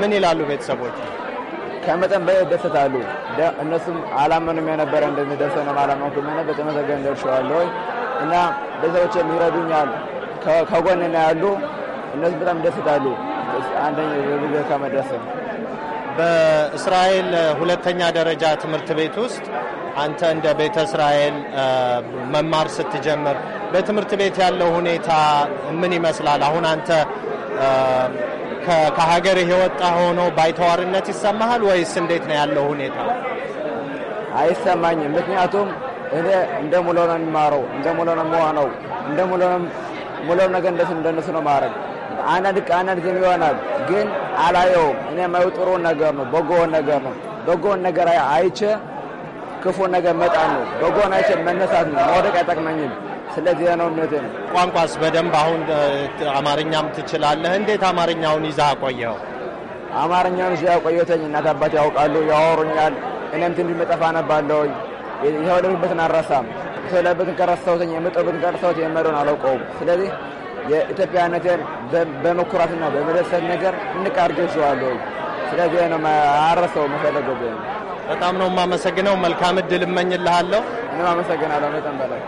ምን ይላሉ ቤተሰቦች? ከመጠን በላይ ደስታሉ። እነሱም አላመኑም የነበረ እንደዚህ ደሰነ አላመንኩ ሆነ በተመሰገን ደርሸዋለሁ እና ቤተሰቦች ይረዱኛል፣ ከጎን ያሉ። እነሱ በጣም ደስታሉ። አንደኛ ከመደሰም በእስራኤል ሁለተኛ ደረጃ ትምህርት ቤት ውስጥ አንተ እንደ ቤተ እስራኤል መማር ስትጀምር በትምህርት ቤት ያለው ሁኔታ ምን ይመስላል? አሁን አንተ ከሀገር የወጣ ሆኖ ባይተዋርነት ይሰማሃል ወይስ እንዴት ነው ያለው ሁኔታ? አይሰማኝም። ምክንያቱም እኔ እንደ ሙሎ ነው የሚማረው፣ እንደ ሙሎ ነው የምሆነው፣ እንደ ሙሎ ነገር እንደሱ እንደነሱ ነው ማድረግ። አንዳንድ አንዳንድ ጊዜ ይሆናል ግን አላየውም። እኔ ማየው ነገር ነው፣ በጎን ነገር ነው። በጎን ነገር አይቼ ክፉ ነገር መጣን ነው። በጎን አይቼ መነሳት ነው። መውደቅ አይጠቅመኝም። ስለዚህ ነው እምነቴ ነው። ቋንቋስ በደንብ አሁን አማርኛም ትችላለህ። እንዴት አማርኛውን ይዛ አቆየኸው? አማርኛውን ይዛ ያቆየሁትኝ እናት አባት ያውቃሉ፣ ያወሩኛል። እኔም ትንሽ መጠፍ አነባለሁኝ። የተወለድኩበትን አልረሳም። የተወለድኩበትን ከረሳሁትኝ የምጠብትን ከረሳሁት የመሪውን አላውቀውም። ስለዚህ የኢትዮጵያ ነገር በመኩራትና በመደሰት ነገር እንቃርገሸዋለሁ። ስለዚህ ነው አረሰው መፈለገ በጣም ነው የማመሰግነው። መልካም እድል እመኝልሃለሁ። እኔም አመሰግናለሁ በጣም በላይ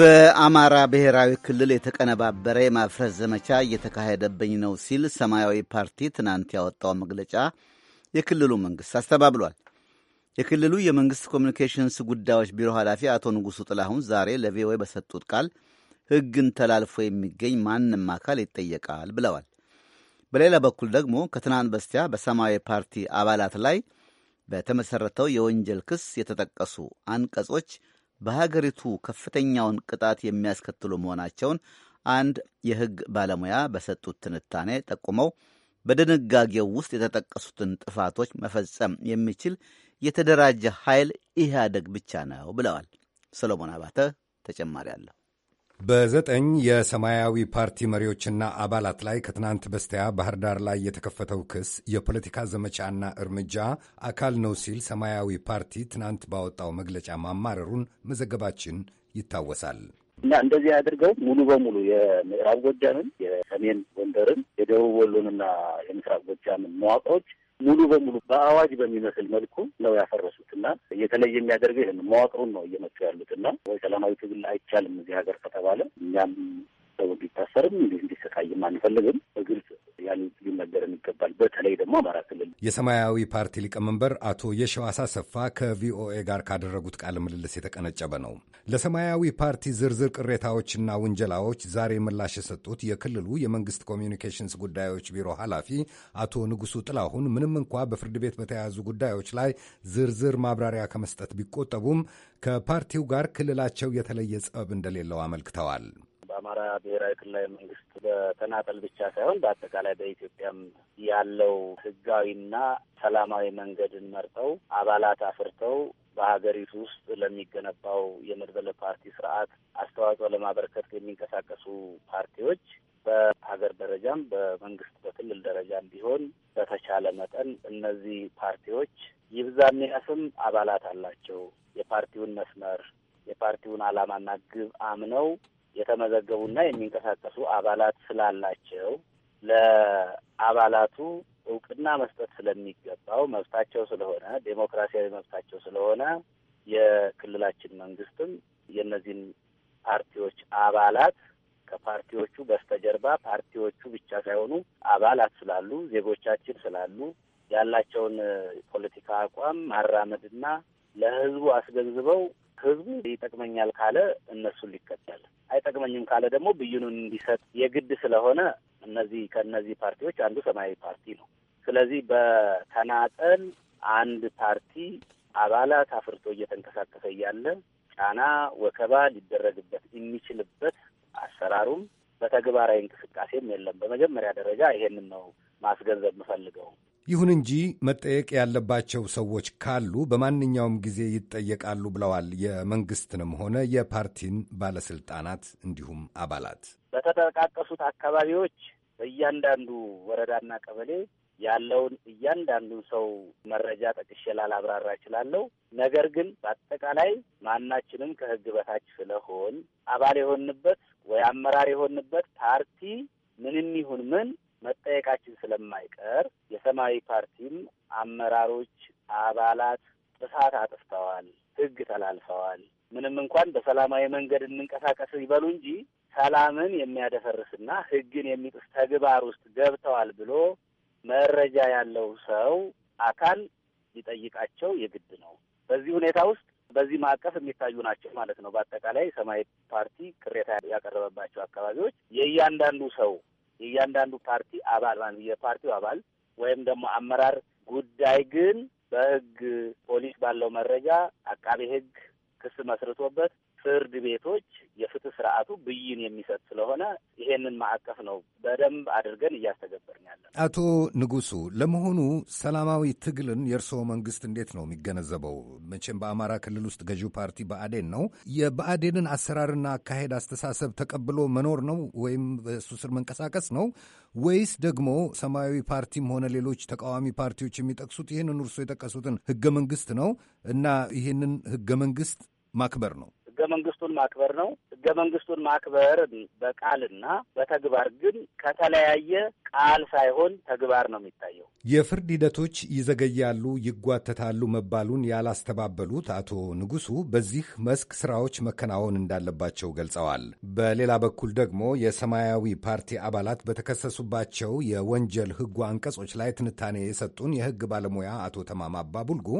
በአማራ ብሔራዊ ክልል የተቀነባበረ የማፍረስ ዘመቻ እየተካሄደብኝ ነው ሲል ሰማያዊ ፓርቲ ትናንት ያወጣው መግለጫ የክልሉ መንግስት አስተባብሏል። የክልሉ የመንግስት ኮሚኒኬሽንስ ጉዳዮች ቢሮ ኃላፊ አቶ ንጉሱ ጥላሁን ዛሬ ለቪኦኤ በሰጡት ቃል ሕግን ተላልፎ የሚገኝ ማንም አካል ይጠየቃል ብለዋል። በሌላ በኩል ደግሞ ከትናንት በስቲያ በሰማያዊ ፓርቲ አባላት ላይ በተመሠረተው የወንጀል ክስ የተጠቀሱ አንቀጾች በሀገሪቱ ከፍተኛውን ቅጣት የሚያስከትሉ መሆናቸውን አንድ የሕግ ባለሙያ በሰጡት ትንታኔ ጠቁመው በድንጋጌው ውስጥ የተጠቀሱትን ጥፋቶች መፈጸም የሚችል የተደራጀ ኃይል ኢህአደግ ብቻ ነው ብለዋል። ሰሎሞን አባተ ተጨማሪ አለሁ በዘጠኝ የሰማያዊ ፓርቲ መሪዎችና አባላት ላይ ከትናንት በስቲያ ባህር ዳር ላይ የተከፈተው ክስ የፖለቲካ ዘመቻና እርምጃ አካል ነው ሲል ሰማያዊ ፓርቲ ትናንት ባወጣው መግለጫ ማማረሩን መዘገባችን ይታወሳል። እና እንደዚህ አድርገው ሙሉ በሙሉ የምዕራብ ጎጃምን፣ የሰሜን ጎንደርን፣ የደቡብ ወሎንና የምስራቅ ጎጃምን መዋቅሮች ሙሉ በሙሉ በአዋጅ በሚመስል መልኩ ነው ያፈረሱት እና የተለየ የሚያደርገው ይህን መዋቅሩን ነው እየመጡ ያሉት እና ወይ ሰላማዊ ትግል አይቻልም እዚህ ሀገር ከተባለ እኛም ሰው እንዲታሰርም እንዲሰቃይም አንፈልግም። በግልጽ ያሉት ሊነገረን ይገባል። በተለይ ደግሞ አማራ ክልል የሰማያዊ ፓርቲ ሊቀመንበር አቶ የሸዋሳ ሰፋ ከቪኦኤ ጋር ካደረጉት ቃለ ምልልስ የተቀነጨበ ነው። ለሰማያዊ ፓርቲ ዝርዝር ቅሬታዎችና ውንጀላዎች ዛሬ ምላሽ የሰጡት የክልሉ የመንግስት ኮሚኒኬሽንስ ጉዳዮች ቢሮ ኃላፊ አቶ ንጉሱ ጥላሁን ምንም እንኳ በፍርድ ቤት በተያያዙ ጉዳዮች ላይ ዝርዝር ማብራሪያ ከመስጠት ቢቆጠቡም ከፓርቲው ጋር ክልላቸው የተለየ ጸብ እንደሌለው አመልክተዋል። የአማራ ብሔራዊ ክልላዊ መንግስት በተናጠል ብቻ ሳይሆን በአጠቃላይ በኢትዮጵያም ያለው ህጋዊና ሰላማዊ መንገድን መርጠው አባላት አፍርተው በሀገሪቱ ውስጥ ለሚገነባው የመድበለ ፓርቲ ስርዓት አስተዋጽኦ ለማበረከት የሚንቀሳቀሱ ፓርቲዎች በሀገር ደረጃም በመንግስት በክልል ደረጃም ቢሆን በተቻለ መጠን እነዚህ ፓርቲዎች ይብዛም ያስም አባላት አላቸው። የፓርቲውን መስመር የፓርቲውን ዓላማና ግብ አምነው የተመዘገቡና የሚንቀሳቀሱ አባላት ስላላቸው ለአባላቱ እውቅና መስጠት ስለሚገባው መብታቸው ስለሆነ ዴሞክራሲያዊ መብታቸው ስለሆነ የክልላችን መንግስትም የእነዚህን ፓርቲዎች አባላት ከፓርቲዎቹ በስተጀርባ ፓርቲዎቹ ብቻ ሳይሆኑ አባላት ስላሉ ዜጎቻችን ስላሉ ያላቸውን ፖለቲካ አቋም ማራመድና ለሕዝቡ አስገንዝበው ህዝቡ ይጠቅመኛል ካለ እነሱን ሊከተል አይጠቅመኝም ካለ ደግሞ ብይኑን እንዲሰጥ የግድ ስለሆነ እነዚህ ከእነዚህ ፓርቲዎች አንዱ ሰማያዊ ፓርቲ ነው። ስለዚህ በተናጠል አንድ ፓርቲ አባላት አፍርቶ እየተንቀሳቀሰ እያለ ጫና፣ ወከባ ሊደረግበት የሚችልበት አሰራሩም በተግባራዊ እንቅስቃሴም የለም። በመጀመሪያ ደረጃ ይሄንን ነው ማስገንዘብ የምፈልገው። ይሁን እንጂ መጠየቅ ያለባቸው ሰዎች ካሉ በማንኛውም ጊዜ ይጠየቃሉ ብለዋል። የመንግስትንም ሆነ የፓርቲን ባለስልጣናት እንዲሁም አባላት በተጠቃቀሱት አካባቢዎች በእያንዳንዱ ወረዳና ቀበሌ ያለውን እያንዳንዱን ሰው መረጃ ጠቅሼ ላላብራራ እችላለሁ። ነገር ግን በአጠቃላይ ማናችንም ከህግ በታች ስለሆን አባል የሆንበት ወይ አመራር የሆንበት ፓርቲ ምንም ይሁን ምን መጠየቃችን ስለማይቀር የሰማያዊ ፓርቲም አመራሮች፣ አባላት ጥፋት አጥፍተዋል፣ ህግ ተላልፈዋል፣ ምንም እንኳን በሰላማዊ መንገድ እንንቀሳቀስ ይበሉ እንጂ ሰላምን የሚያደፈርስና ህግን የሚጥስ ተግባር ውስጥ ገብተዋል ብሎ መረጃ ያለው ሰው አካል ሊጠይቃቸው የግድ ነው። በዚህ ሁኔታ ውስጥ በዚህ ማዕቀፍ የሚታዩ ናቸው ማለት ነው። በአጠቃላይ ሰማያዊ ፓርቲ ቅሬታ ያቀረበባቸው አካባቢዎች የእያንዳንዱ ሰው የእያንዳንዱ ፓርቲ አባል ማለት የፓርቲው አባል ወይም ደግሞ አመራር ጉዳይ ግን በህግ ፖሊስ ባለው መረጃ አቃቤ ህግ ክስ መስርቶበት ፍርድ ቤቶች የፍትህ ስርዓቱ ብይን የሚሰጥ ስለሆነ ይሄንን ማዕቀፍ ነው በደንብ አድርገን እያስተገበርን ያለን። አቶ ንጉሱ፣ ለመሆኑ ሰላማዊ ትግልን የእርስዎ መንግስት እንዴት ነው የሚገነዘበው? መቼም በአማራ ክልል ውስጥ ገዢው ፓርቲ ብአዴን ነው። የብአዴንን አሰራርና አካሄድ አስተሳሰብ ተቀብሎ መኖር ነው ወይም በእሱ ስር መንቀሳቀስ ነው ወይስ ደግሞ ሰማያዊ ፓርቲም ሆነ ሌሎች ተቃዋሚ ፓርቲዎች የሚጠቅሱት ይህንን እርሶ የጠቀሱትን ህገ መንግስት ነው እና ይህንን ህገ መንግስት ማክበር ነው? ህገ መንግስቱን ማክበር ነው። ህገ መንግስቱን ማክበር በቃልና በተግባር ግን ከተለያየ ቃል ሳይሆን ተግባር ነው የሚታየው። የፍርድ ሂደቶች ይዘገያሉ፣ ይጓተታሉ መባሉን ያላስተባበሉት አቶ ንጉሱ በዚህ መስክ ስራዎች መከናወን እንዳለባቸው ገልጸዋል። በሌላ በኩል ደግሞ የሰማያዊ ፓርቲ አባላት በተከሰሱባቸው የወንጀል ህጉ አንቀጾች ላይ ትንታኔ የሰጡን የህግ ባለሙያ አቶ ተማማ አባቡልጉ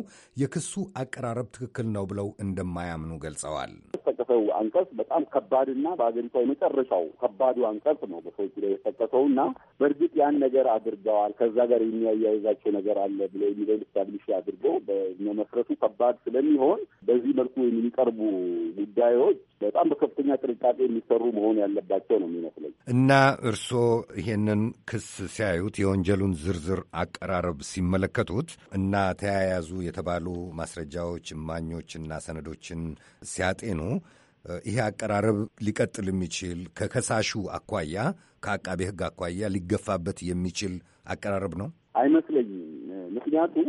የክሱ አቀራረብ ትክክል ነው ብለው እንደማያምኑ ገልጸዋል። የተጠቀሰው አንቀጽ በጣም ከባድና በሀገሪቷ የመጨረሻው ከባዱ አንቀጽ ነው በሰዎች ላይ የተጠቀሰው እና በእርግጥ ያን ነገር አድርገዋል ከዛ ጋር የሚያያይዛቸው ነገር አለ ብሎ የሚለውን ስታብሊሽ አድርገው በመመስረቱ ከባድ ስለሚሆን በዚህ መልኩ የሚቀርቡ ጉዳዮች በጣም በከፍተኛ ጥንቃቄ የሚሰሩ መሆን ያለባቸው ነው የሚመስለኝ እና እርስዎ ይሄንን ክስ ሲያዩት የወንጀሉን ዝርዝር አቀራረብ ሲመለከቱት እና ተያያዙ የተባሉ ማስረጃዎች፣ እማኞችና ሰነዶችን ሲያጤኑ ይሄ አቀራረብ ሊቀጥል የሚችል ከከሳሹ አኳያ ከአቃቤ ሕግ አኳያ ሊገፋበት የሚችል አቀራረብ ነው አይመስለኝም። ምክንያቱም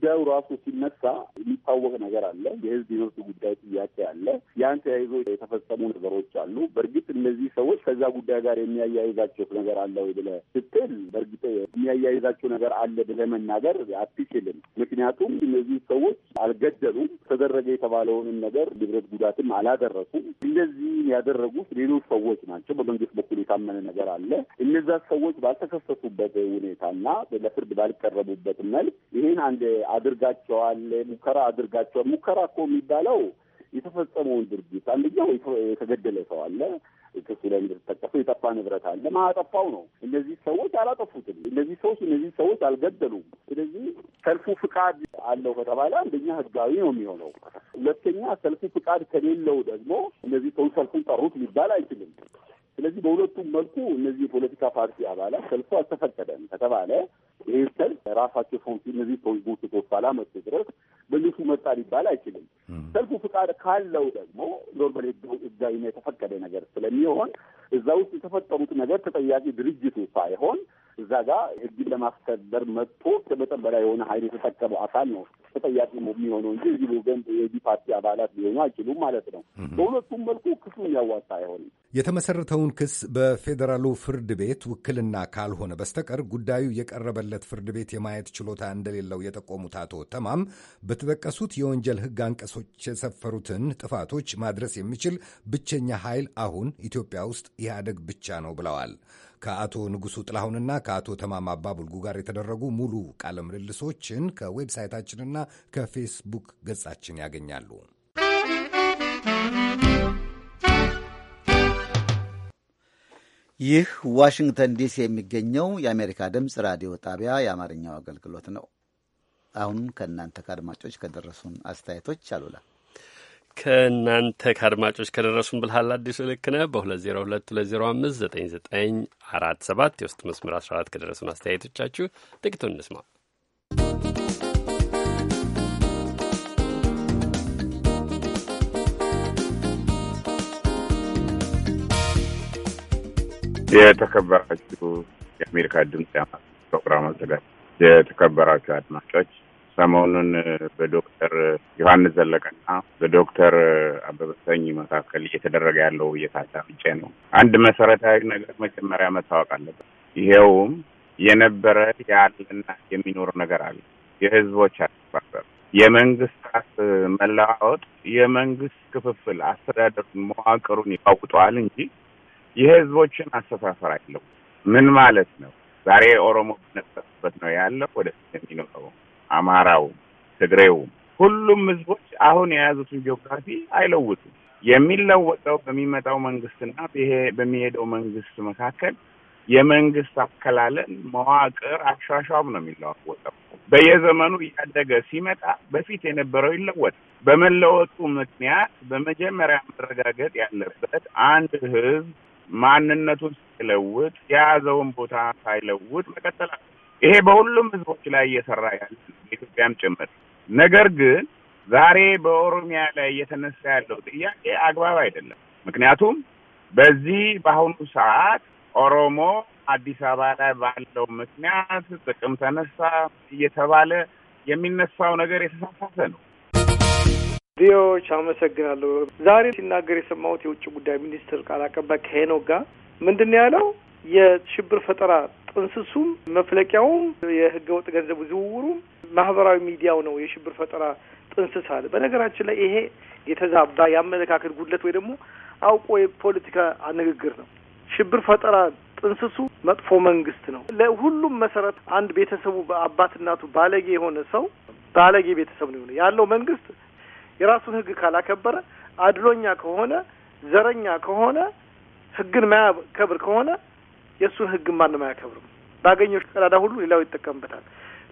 ጉዳዩ ራሱ ሲነሳ የሚታወቅ ነገር አለ። የህዝብ የመብት ጉዳይ ጥያቄ አለ። ያን ተያይዞ የተፈጸሙ ነገሮች አሉ። በእርግጥ እነዚህ ሰዎች ከዛ ጉዳይ ጋር የሚያያይዛቸው ነገር አለ ወይ ብለ ስትል፣ በእርግጥ የሚያያይዛቸው ነገር አለ ብለ መናገር አትችልም። ምክንያቱም እነዚህ ሰዎች አልገደሉም፣ ተደረገ የተባለውንም ነገር ንብረት ጉዳትም አላደረሱም። እንደዚህ ያደረጉት ሌሎች ሰዎች ናቸው። በመንግስት በኩል የታመነ ነገር አለ። እነዛ ሰዎች ባልተከሰሱበት ሁኔታና ለፍርድ ባልቀረቡበት መልክ ይህን አንድ አድርጋቸዋል፣ ሙከራ አድርጋቸዋል። ሙከራ እኮ የሚባለው የተፈጸመውን ድርጊት አንደኛው የተገደለ ሰው አለ ክሱ ላይ እንደተጠቀሰው የጠፋ ንብረት አለ። ማጠፋው ነው። እነዚህ ሰዎች አላጠፉትም። እነዚህ ሰዎች እነዚህ ሰዎች አልገደሉም። ስለዚህ ሰልፉ ፍቃድ አለው ከተባለ አንደኛ ህጋዊ ነው የሚሆነው። ሁለተኛ ሰልፉ ፍቃድ ከሌለው ደግሞ እነዚህ ሰዎች ሰልፉን ጠሩት ሊባል አይችልም። ስለዚህ በሁለቱም መልኩ እነዚህ የፖለቲካ ፓርቲ አባላት ሰልፉ አልተፈቀደም ከተባለ ይህ ሰልፍ ራሳቸው ሰዎች እነዚህ ሰዎች ቦት ጎትቶ መጡ ድረስ በእነሱ መጣ ሊባል አይችልም። ሰልፉ ፍቃድ ካለው ደግሞ ኖርማል ህጋዊና የተፈቀደ ነገር ስለሚ ቢሆን እዛ ውስጥ የተፈጠሩት ነገር ተጠያቂ ድርጅቱ ሳይሆን እዛ ጋር ህግን ለማስከበር መጥቶ ከመጠን በላይ የሆነ ኃይል የተጠቀመው አካል ነው ተጠያቂ የሚሆነው እንጂ እዚህ ወገን የዚህ ፓርቲ አባላት ሊሆኑ አይችሉም ማለት ነው። በሁለቱም መልኩ ክሱ የሚያዋጣ አይሆንም። የተመሰረተውን ክስ በፌዴራሉ ፍርድ ቤት ውክልና ካልሆነ በስተቀር ጉዳዩ የቀረበለት ፍርድ ቤት የማየት ችሎታ እንደሌለው የጠቆሙት አቶ ተማም በተጠቀሱት የወንጀል ህግ አንቀሶች የሰፈሩትን ጥፋቶች ማድረስ የሚችል ብቸኛ ኃይል አሁን ኢትዮጵያ ውስጥ ኢህአደግ ብቻ ነው ብለዋል። ከአቶ ንጉሱ ጥላሁንና ከአቶ ተማማ አባቡልጉ ጋር የተደረጉ ሙሉ ቃለ ምልልሶችን ከዌብሳይታችንና ከፌስቡክ ገጻችን ያገኛሉ። ይህ ዋሽንግተን ዲሲ የሚገኘው የአሜሪካ ድምፅ ራዲዮ ጣቢያ የአማርኛው አገልግሎት ነው። አሁን ከእናንተ ከአድማጮች ከደረሱን አስተያየቶች አሉላ ከእናንተ ከአድማጮች ከደረሱን ብልሃል አዲሱ ልክነ በ202 የውስጥ መስመር 14 ከደረሱን አስተያየቶቻችሁ ጥቂቱን እንስማ። የተከበራችሁ የአሜሪካ ድምፅ ፕሮግራም አዘጋጅ የተከበራችሁ አድማጮች ሰሞኑን በዶክተር ዮሐንስ ዘለቀና በዶክተር አበበሰኝ መካከል እየተደረገ ያለው እየታሳፍጬ ነው። አንድ መሰረታዊ ነገር መጀመሪያ መታወቅ አለበት። ይሄውም የነበረ ያለና የሚኖር ነገር አለ። የህዝቦች አስተሳሰብ፣ የመንግስታት መለዋወጥ፣ የመንግስት ክፍፍል አስተዳደሩን መዋቅሩን ይዋውጠዋል እንጂ የህዝቦችን አስተሳሰር አይለው። ምን ማለት ነው? ዛሬ ኦሮሞ በነበረበት ነው ያለው ወደፊት የሚኖረው አማራው፣ ትግሬው ሁሉም ህዝቦች አሁን የያዙትን ጂኦግራፊ አይለውጡም። የሚለወጠው በሚመጣው መንግስትና በሚሄደው መንግስት መካከል የመንግስት አከላለን መዋቅር አሻሻም ነው የሚለወጠው። በየዘመኑ እያደገ ሲመጣ በፊት የነበረው ይለወጥ። በመለወጡ ምክንያት በመጀመሪያ መረጋገጥ ያለበት አንድ ህዝብ ማንነቱን ሳይለውጥ የያዘውን ቦታ ሳይለውጥ መቀጠል ይሄ በሁሉም ህዝቦች ላይ እየሰራ ያለ ኢትዮጵያም ጭምር። ነገር ግን ዛሬ በኦሮሚያ ላይ እየተነሳ ያለው ጥያቄ አግባብ አይደለም። ምክንያቱም በዚህ በአሁኑ ሰዓት ኦሮሞ አዲስ አበባ ላይ ባለው ምክንያት ጥቅም ተነሳ እየተባለ የሚነሳው ነገር የተሳሳተ ነው። ዲዮች አመሰግናለሁ። ዛሬ ሲናገር የሰማሁት የውጭ ጉዳይ ሚኒስትር ቃል አቀባይ ከሄኖክ ጋር ምንድን ነው ያለው? የሽብር ፈጠራ ጥንስሱም መፍለቂያውም የህገ ወጥ ገንዘቡ ዝውውሩም ማህበራዊ ሚዲያው ነው የሽብር ፈጠራ አለ። በነገራችን ላይ ይሄ የተዛባ የአመለካከት ጉድለት ወይ ደግሞ አውቆ የፖለቲካ ንግግር ነው። ሽብር ፈጠራ ጥንስሱ መጥፎ መንግስት ነው። ለሁሉም መሰረት አንድ ቤተሰቡ አባት እናቱ ባለጌ የሆነ ሰው ባለጌ ቤተሰብ ነው ያለው መንግስት የራሱን ህግ ካላከበረ፣ አድሎኛ ከሆነ፣ ዘረኛ ከሆነ፣ ህግን ማያከብር ከሆነ የእሱን ህግ ማንም አያከብርም። ባገኘው ቀዳዳ ሁሉ ሌላው ይጠቀምበታል።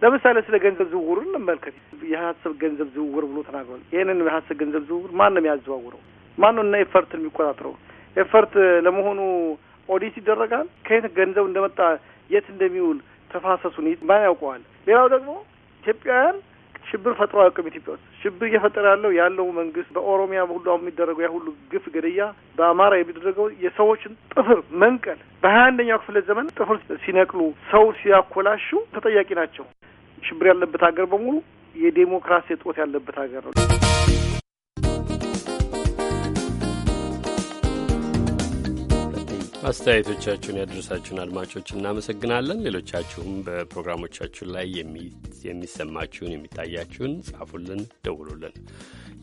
ለምሳሌ ስለ ገንዘብ ዝውውሩ እንመልከት። የሀሳብ ገንዘብ ዝውውር ብሎ ተናግሯል። ይህንን የሀሳብ ገንዘብ ዝውውር ማን ነው የሚያዘዋውረው? ማን ነው እና ኤፈርትን የሚቆጣጥረው? ኤፈርት ለመሆኑ ኦዲት ይደረጋል? ከየት ገንዘብ እንደመጣ የት እንደሚውል ተፋሰሱን ማን ያውቀዋል? ሌላው ደግሞ ኢትዮጵያውያን ሽብር ፈጥሮ አያውቅም። ኢትዮጵያ ውስጥ ሽብር እየፈጠረ ያለው ያለው መንግስት በኦሮሚያ ሁሉ አሁን የሚደረገው ያ ሁሉ ግፍ ግድያ፣ በአማራ የሚደረገው የሰዎችን ጥፍር መንቀል በሀያ አንደኛው ክፍለ ዘመን ጥፍር ሲነቅሉ ሰው ሲያኮላሹ ተጠያቂ ናቸው። ሽብር ያለበት ሀገር በሙሉ የዴሞክራሲ እጦት ያለበት ሀገር ነው። አስተያየቶቻችሁን ያደረሳችሁን አድማጮች እናመሰግናለን። ሌሎቻችሁም በፕሮግራሞቻችሁን ላይ የሚሰማችሁን የሚታያችሁን ጻፉልን፣ ደውሉልን።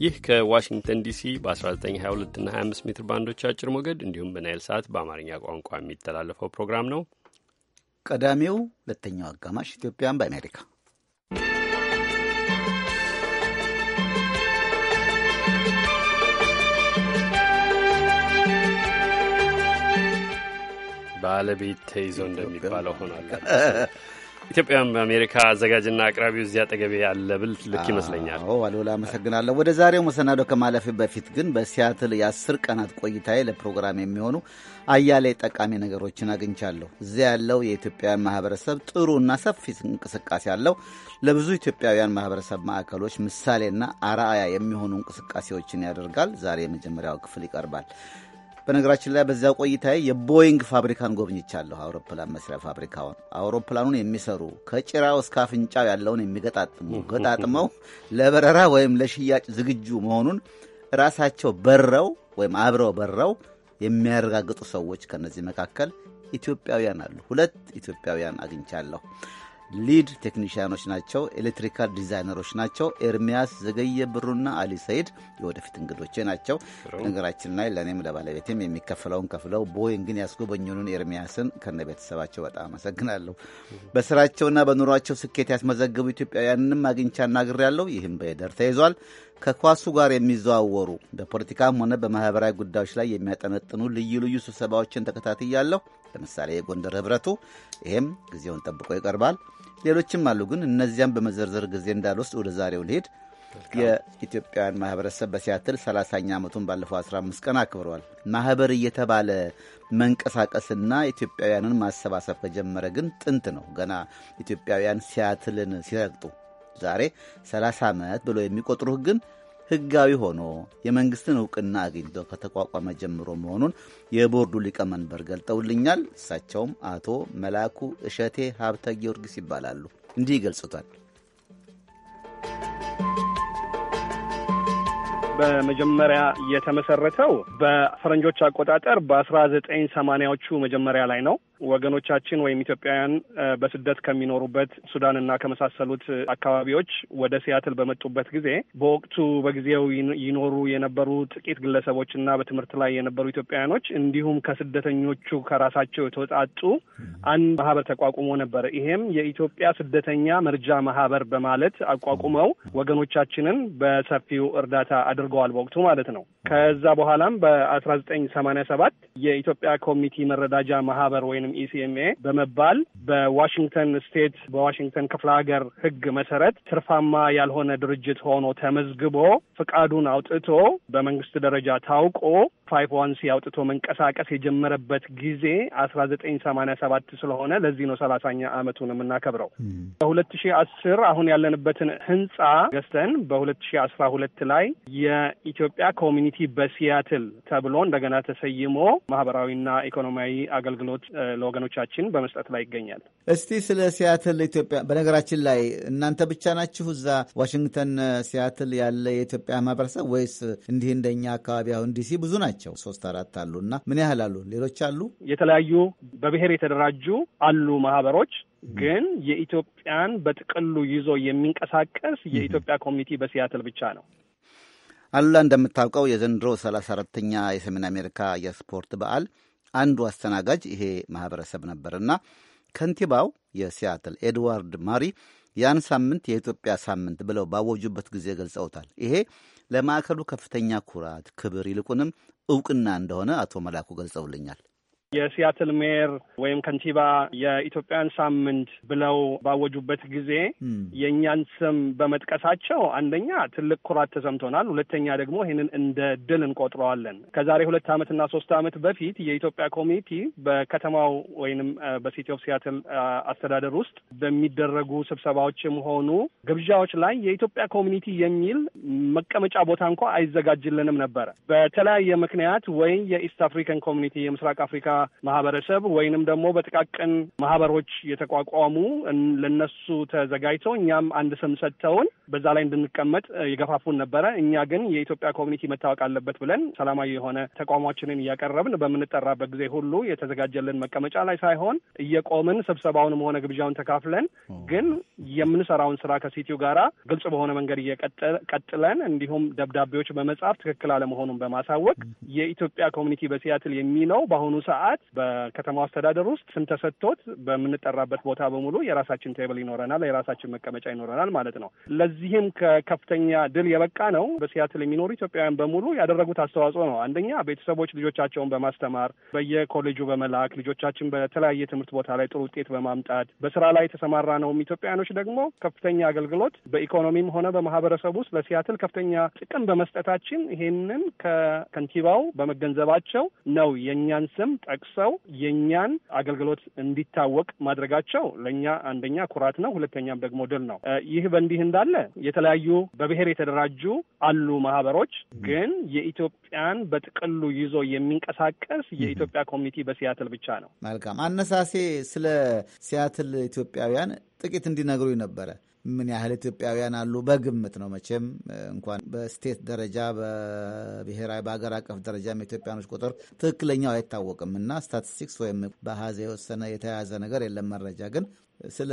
ይህ ከዋሽንግተን ዲሲ በ1922 እና 25 ሜትር ባንዶች አጭር ሞገድ እንዲሁም በናይል ሰዓት በአማርኛ ቋንቋ የሚተላለፈው ፕሮግራም ነው። ቀዳሚው ሁለተኛው አጋማሽ ኢትዮጵያን በአሜሪካ ባለቤት ተይዞ እንደሚባለው ሆኗል። <laughs> ኢትዮጵያውያን በአሜሪካ አዘጋጅና አቅራቢው እዚያ አጠገቤ ያለ ብል ልክ ይመስለኛል። አሉላ አመሰግናለሁ። ወደ ዛሬው መሰናዶ ከማለፍ በፊት ግን በሲያትል የአስር ቀናት ቆይታዬ ለፕሮግራም የሚሆኑ አያሌ ጠቃሚ ነገሮችን አግኝቻለሁ። እዚያ ያለው የኢትዮጵያውያን ማህበረሰብ ጥሩና ሰፊ እንቅስቃሴ አለው። ለብዙ ኢትዮጵያውያን ማህበረሰብ ማዕከሎች ምሳሌና አርአያ የሚሆኑ እንቅስቃሴዎችን ያደርጋል። ዛሬ የመጀመሪያው ክፍል ይቀርባል። በነገራችን ላይ በዚያ ቆይታ የቦይንግ ፋብሪካን ጎብኝቻለሁ። አውሮፕላን መስሪያ ፋብሪካውን አውሮፕላኑን የሚሰሩ ከጭራው እስከ አፍንጫው ያለውን የሚገጣጥሙ ገጣጥመው ለበረራ ወይም ለሽያጭ ዝግጁ መሆኑን ራሳቸው በረው ወይም አብረው በረው የሚያረጋግጡ ሰዎች ከነዚህ መካከል ኢትዮጵያውያን አሉ። ሁለት ኢትዮጵያውያን አግኝቻለሁ። ሊድ ቴክኒሽያኖች ናቸው። ኤሌክትሪካል ዲዛይነሮች ናቸው። ኤርሚያስ ዘገየ ብሩና አሊ ሰይድ የወደፊት እንግዶቼ ናቸው። ነገራችን ላይ ለእኔም ለባለቤቴም የሚከፍለውን ከፍለው ቦይንግን ያስጎበኙንን ኤርሚያስን ከነ ቤተሰባቸው በጣም አመሰግናለሁ። በስራቸውና በኑሯቸው ስኬት ያስመዘግቡ ኢትዮጵያውያንንም አግኝቻ አናግሬያለሁ። ይህም በሄደር ተይዟል። ከኳሱ ጋር የሚዘዋወሩ በፖለቲካም ሆነ በማህበራዊ ጉዳዮች ላይ የሚያጠነጥኑ ልዩ ልዩ ስብሰባዎችን ተከታትያለሁ። ለምሳሌ የጎንደር ህብረቱ፣ ይህም ጊዜውን ጠብቆ ይቀርባል። ሌሎችም አሉ፣ ግን እነዚያም በመዘርዘር ጊዜ እንዳልወስድ ወደ ዛሬው ልሄድ። የኢትዮጵያውያን ማህበረሰብ በሲያትል 30ኛ ዓመቱን ባለፈው 15 ቀን አክብረዋል። ማህበር እየተባለ መንቀሳቀስና ኢትዮጵያውያንን ማሰባሰብ ከጀመረ ግን ጥንት ነው፣ ገና ኢትዮጵያውያን ሲያትልን ሲረግጡ። ዛሬ 30 ዓመት ብለው የሚቆጥሩህ ግን ህጋዊ ሆኖ የመንግስትን እውቅና አግኝቶ ከተቋቋመ ጀምሮ መሆኑን የቦርዱ ሊቀመንበር ገልጠውልኛል። እሳቸውም አቶ መላኩ እሸቴ ሀብተ ጊዮርጊስ ይባላሉ። እንዲህ ይገልጹታል። በመጀመሪያ የተመሰረተው በፈረንጆች አቆጣጠር በአስራ ዘጠኝ ሰማንያዎቹ መጀመሪያ ላይ ነው። ወገኖቻችን ወይም ኢትዮጵያውያን በስደት ከሚኖሩበት ሱዳንና ከመሳሰሉት አካባቢዎች ወደ ሲያትል በመጡበት ጊዜ በወቅቱ በጊዜው ይኖሩ የነበሩ ጥቂት ግለሰቦችና በትምህርት ላይ የነበሩ ኢትዮጵያውያኖች እንዲሁም ከስደተኞቹ ከራሳቸው የተወጣጡ አንድ ማህበር ተቋቁሞ ነበር። ይሄም የኢትዮጵያ ስደተኛ መርጃ ማህበር በማለት አቋቁመው ወገኖቻችንን በሰፊው እርዳታ አድርገዋል በወቅቱ ማለት ነው። ከዛ በኋላም በአስራ ዘጠኝ ሰማኒያ ሰባት የኢትዮጵያ ኮሚኒቲ መረዳጃ ማህበር ወይ ወይንም ኢሲኤምኤ e በመባል በዋሽንግተን ስቴት በዋሽንግተን ክፍለ ሀገር ህግ መሰረት ትርፋማ ያልሆነ ድርጅት ሆኖ ተመዝግቦ ፍቃዱን አውጥቶ በመንግስት ደረጃ ታውቆ ፋይቭ ዋን ሲ አውጥቶ መንቀሳቀስ የጀመረበት ጊዜ አስራ ዘጠኝ ሰማኒያ ሰባት ስለሆነ ለዚህ ነው ሰላሳኛ አመቱን የምናከብረው። በሁለት ሺ አስር አሁን ያለንበትን ህንጻ ገዝተን በሁለት ሺ አስራ ሁለት ላይ የኢትዮጵያ ኮሚኒቲ በሲያትል ተብሎ እንደገና ተሰይሞ ማህበራዊና ኢኮኖሚያዊ አገልግሎት ለወገኖቻችን በመስጠት ላይ ይገኛል። እስቲ ስለ ሲያትል ኢትዮጵያ፣ በነገራችን ላይ እናንተ ብቻ ናችሁ እዛ ዋሽንግተን ሲያትል ያለ የኢትዮጵያ ማህበረሰብ ወይስ እንዲህ እንደኛ አካባቢ አሁን ዲሲ ብዙ ናቸው ሶስት አራት አሉ እና ምን ያህል አሉ? ሌሎች አሉ? የተለያዩ በብሔር የተደራጁ አሉ ማህበሮች ግን የኢትዮጵያን በጥቅሉ ይዞ የሚንቀሳቀስ የኢትዮጵያ ኮሚኒቲ በሲያትል ብቻ ነው። አሉላ እንደምታውቀው የዘንድሮ ሰላሳ አራተኛ የሰሜን አሜሪካ የስፖርት በዓል አንዱ አስተናጋጅ ይሄ ማህበረሰብ ነበርና ከንቲባው የሲያትል ኤድዋርድ ማሪ ያን ሳምንት የኢትዮጵያ ሳምንት ብለው ባወጁበት ጊዜ ገልጸውታል። ይሄ ለማዕከሉ ከፍተኛ ኩራት፣ ክብር ይልቁንም እውቅና እንደሆነ አቶ መላኩ ገልጸውልኛል። የሲያትል ሜር ወይም ከንቲባ የኢትዮጵያን ሳምንት ብለው ባወጁበት ጊዜ የእኛን ስም በመጥቀሳቸው አንደኛ ትልቅ ኩራት ተሰምቶናል። ሁለተኛ ደግሞ ይህንን እንደ ድል እንቆጥረዋለን። ከዛሬ ሁለት ዓመትና ሶስት ዓመት በፊት የኢትዮጵያ ኮሚኒቲ በከተማው ወይንም በሲቲ ኦፍ ሲያትል አስተዳደር ውስጥ በሚደረጉ ስብሰባዎችም ሆኑ ግብዣዎች ላይ የኢትዮጵያ ኮሚኒቲ የሚል መቀመጫ ቦታ እንኳ አይዘጋጅልንም ነበረ። በተለያየ ምክንያት ወይ የኢስት አፍሪካን ኮሚኒቲ የምስራቅ አፍሪካ ማህበረሰብ ወይንም ደግሞ በጥቃቅን ማህበሮች የተቋቋሙ ለነሱ ተዘጋጅተው እኛም አንድ ስም ሰጥተውን በዛ ላይ እንድንቀመጥ የገፋፉን ነበረ። እኛ ግን የኢትዮጵያ ኮሚኒቲ መታወቅ አለበት ብለን ሰላማዊ የሆነ ተቋማችንን እያቀረብን በምንጠራበት ጊዜ ሁሉ የተዘጋጀልን መቀመጫ ላይ ሳይሆን እየቆምን ስብሰባውንም ሆነ ግብዣውን ተካፍለን ግን የምንሰራውን ስራ ከሲቲው ጋራ ግልጽ በሆነ መንገድ እየቀጥለን እንዲሁም ደብዳቤዎች በመጻፍ ትክክል አለመሆኑን በማሳወቅ የኢትዮጵያ ኮሚኒቲ በሲያትል የሚለው በአሁኑ ሰዓት ሰዓት በከተማው አስተዳደር ውስጥ ስም ተሰጥቶት በምንጠራበት ቦታ በሙሉ የራሳችን ቴብል ይኖረናል፣ የራሳችን መቀመጫ ይኖረናል ማለት ነው። ለዚህም ከከፍተኛ ድል የበቃ ነው። በሲያትል የሚኖሩ ኢትዮጵያውያን በሙሉ ያደረጉት አስተዋጽኦ ነው። አንደኛ ቤተሰቦች ልጆቻቸውን በማስተማር በየኮሌጁ በመላክ ልጆቻችን በተለያየ ትምህርት ቦታ ላይ ጥሩ ውጤት በማምጣት በስራ ላይ የተሰማራ ነውም ኢትዮጵያውያኖች ደግሞ ከፍተኛ አገልግሎት በኢኮኖሚም ሆነ በማህበረሰብ ውስጥ ለሲያትል ከፍተኛ ጥቅም በመስጠታችን ይሄንን ከከንቲባው በመገንዘባቸው ነው የእኛን ስም ጠቅሰው የእኛን አገልግሎት እንዲታወቅ ማድረጋቸው ለእኛ አንደኛ ኩራት ነው፣ ሁለተኛም ደግሞ ድል ነው። ይህ በእንዲህ እንዳለ የተለያዩ በብሔር የተደራጁ አሉ ማህበሮች ግን የኢትዮጵያን በጥቅሉ ይዞ የሚንቀሳቀስ የኢትዮጵያ ኮሚቴ በሲያትል ብቻ ነው። መልካም አነሳሴ ስለ ሲያትል ኢትዮጵያውያን ጥቂት እንዲነግሩኝ ነበረ። ምን ያህል ኢትዮጵያውያን አሉ? በግምት ነው መቼም እንኳን በስቴት ደረጃ በብሔራዊ በሀገር አቀፍ ደረጃም የኢትዮጵያኖች ቁጥር ትክክለኛው አይታወቅም እና ስታቲስቲክስ ወይም በሀዘ የወሰነ የተያያዘ ነገር የለም። መረጃ ግን ስለ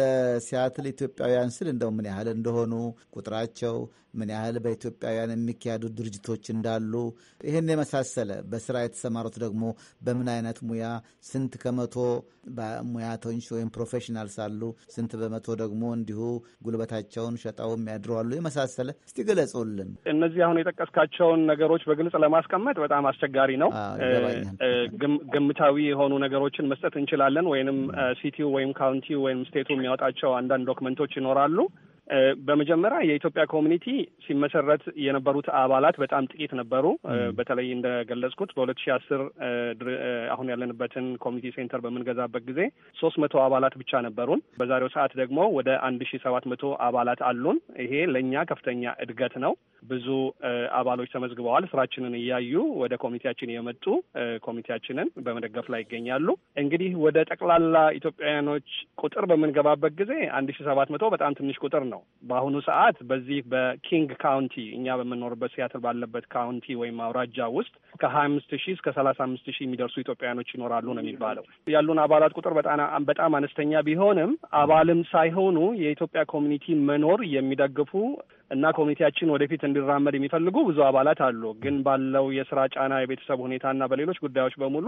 ሲያትል ኢትዮጵያውያን ስል እንደው ምን ያህል እንደሆኑ ቁጥራቸው፣ ምን ያህል በኢትዮጵያውያን የሚካሄዱ ድርጅቶች እንዳሉ ይህን የመሳሰለ በስራ የተሰማሩት ደግሞ በምን አይነት ሙያ ስንት ከመቶ ሙያተኞች ወይም ፕሮፌሽናል አሉ፣ ስንት በመቶ ደግሞ እንዲሁ ጉልበታቸውን ሸጠው የሚያድረዋሉ የመሳሰለ እስቲ ገለጹልን። እነዚህ አሁን የጠቀስካቸውን ነገሮች በግልጽ ለማስቀመጥ በጣም አስቸጋሪ ነው። ግምታዊ የሆኑ ነገሮችን መስጠት እንችላለን ወይንም ሲቲው ወይም ካውንቲው ወይም ስቴቱ የሚያወጣቸው አንዳንድ ዶክመንቶች ይኖራሉ። በመጀመሪያ የኢትዮጵያ ኮሚኒቲ ሲመሰረት የነበሩት አባላት በጣም ጥቂት ነበሩ። በተለይ እንደገለጽኩት በሁለት ሺ አስር አሁን ያለንበትን ኮሚኒቲ ሴንተር በምንገዛበት ጊዜ ሶስት መቶ አባላት ብቻ ነበሩን። በዛሬው ሰዓት ደግሞ ወደ አንድ ሺ ሰባት መቶ አባላት አሉን። ይሄ ለእኛ ከፍተኛ እድገት ነው። ብዙ አባሎች ተመዝግበዋል። ስራችንን እያዩ ወደ ኮሚኒቲያችን የመጡ ኮሚኒቲያችንን በመደገፍ ላይ ይገኛሉ። እንግዲህ ወደ ጠቅላላ ኢትዮጵያውያኖች ቁጥር በምንገባበት ጊዜ አንድ ሺ ሰባት መቶ በጣም ትንሽ ቁጥር ነው ነው። በአሁኑ ሰዓት በዚህ በኪንግ ካውንቲ እኛ በምንኖርበት ሲያትል ባለበት ካውንቲ ወይም አውራጃ ውስጥ ከሀያ አምስት ሺህ እስከ ሰላሳ አምስት ሺህ የሚደርሱ ኢትዮጵያውያኖች ይኖራሉ ነው የሚባለው። ያሉን አባላት ቁጥር በጣም አነስተኛ ቢሆንም አባልም ሳይሆኑ የኢትዮጵያ ኮሚኒቲ መኖር የሚደግፉ እና ኮሚቴያችን ወደፊት እንዲራመድ የሚፈልጉ ብዙ አባላት አሉ። ግን ባለው የስራ ጫና፣ የቤተሰብ ሁኔታና በሌሎች ጉዳዮች በሙሉ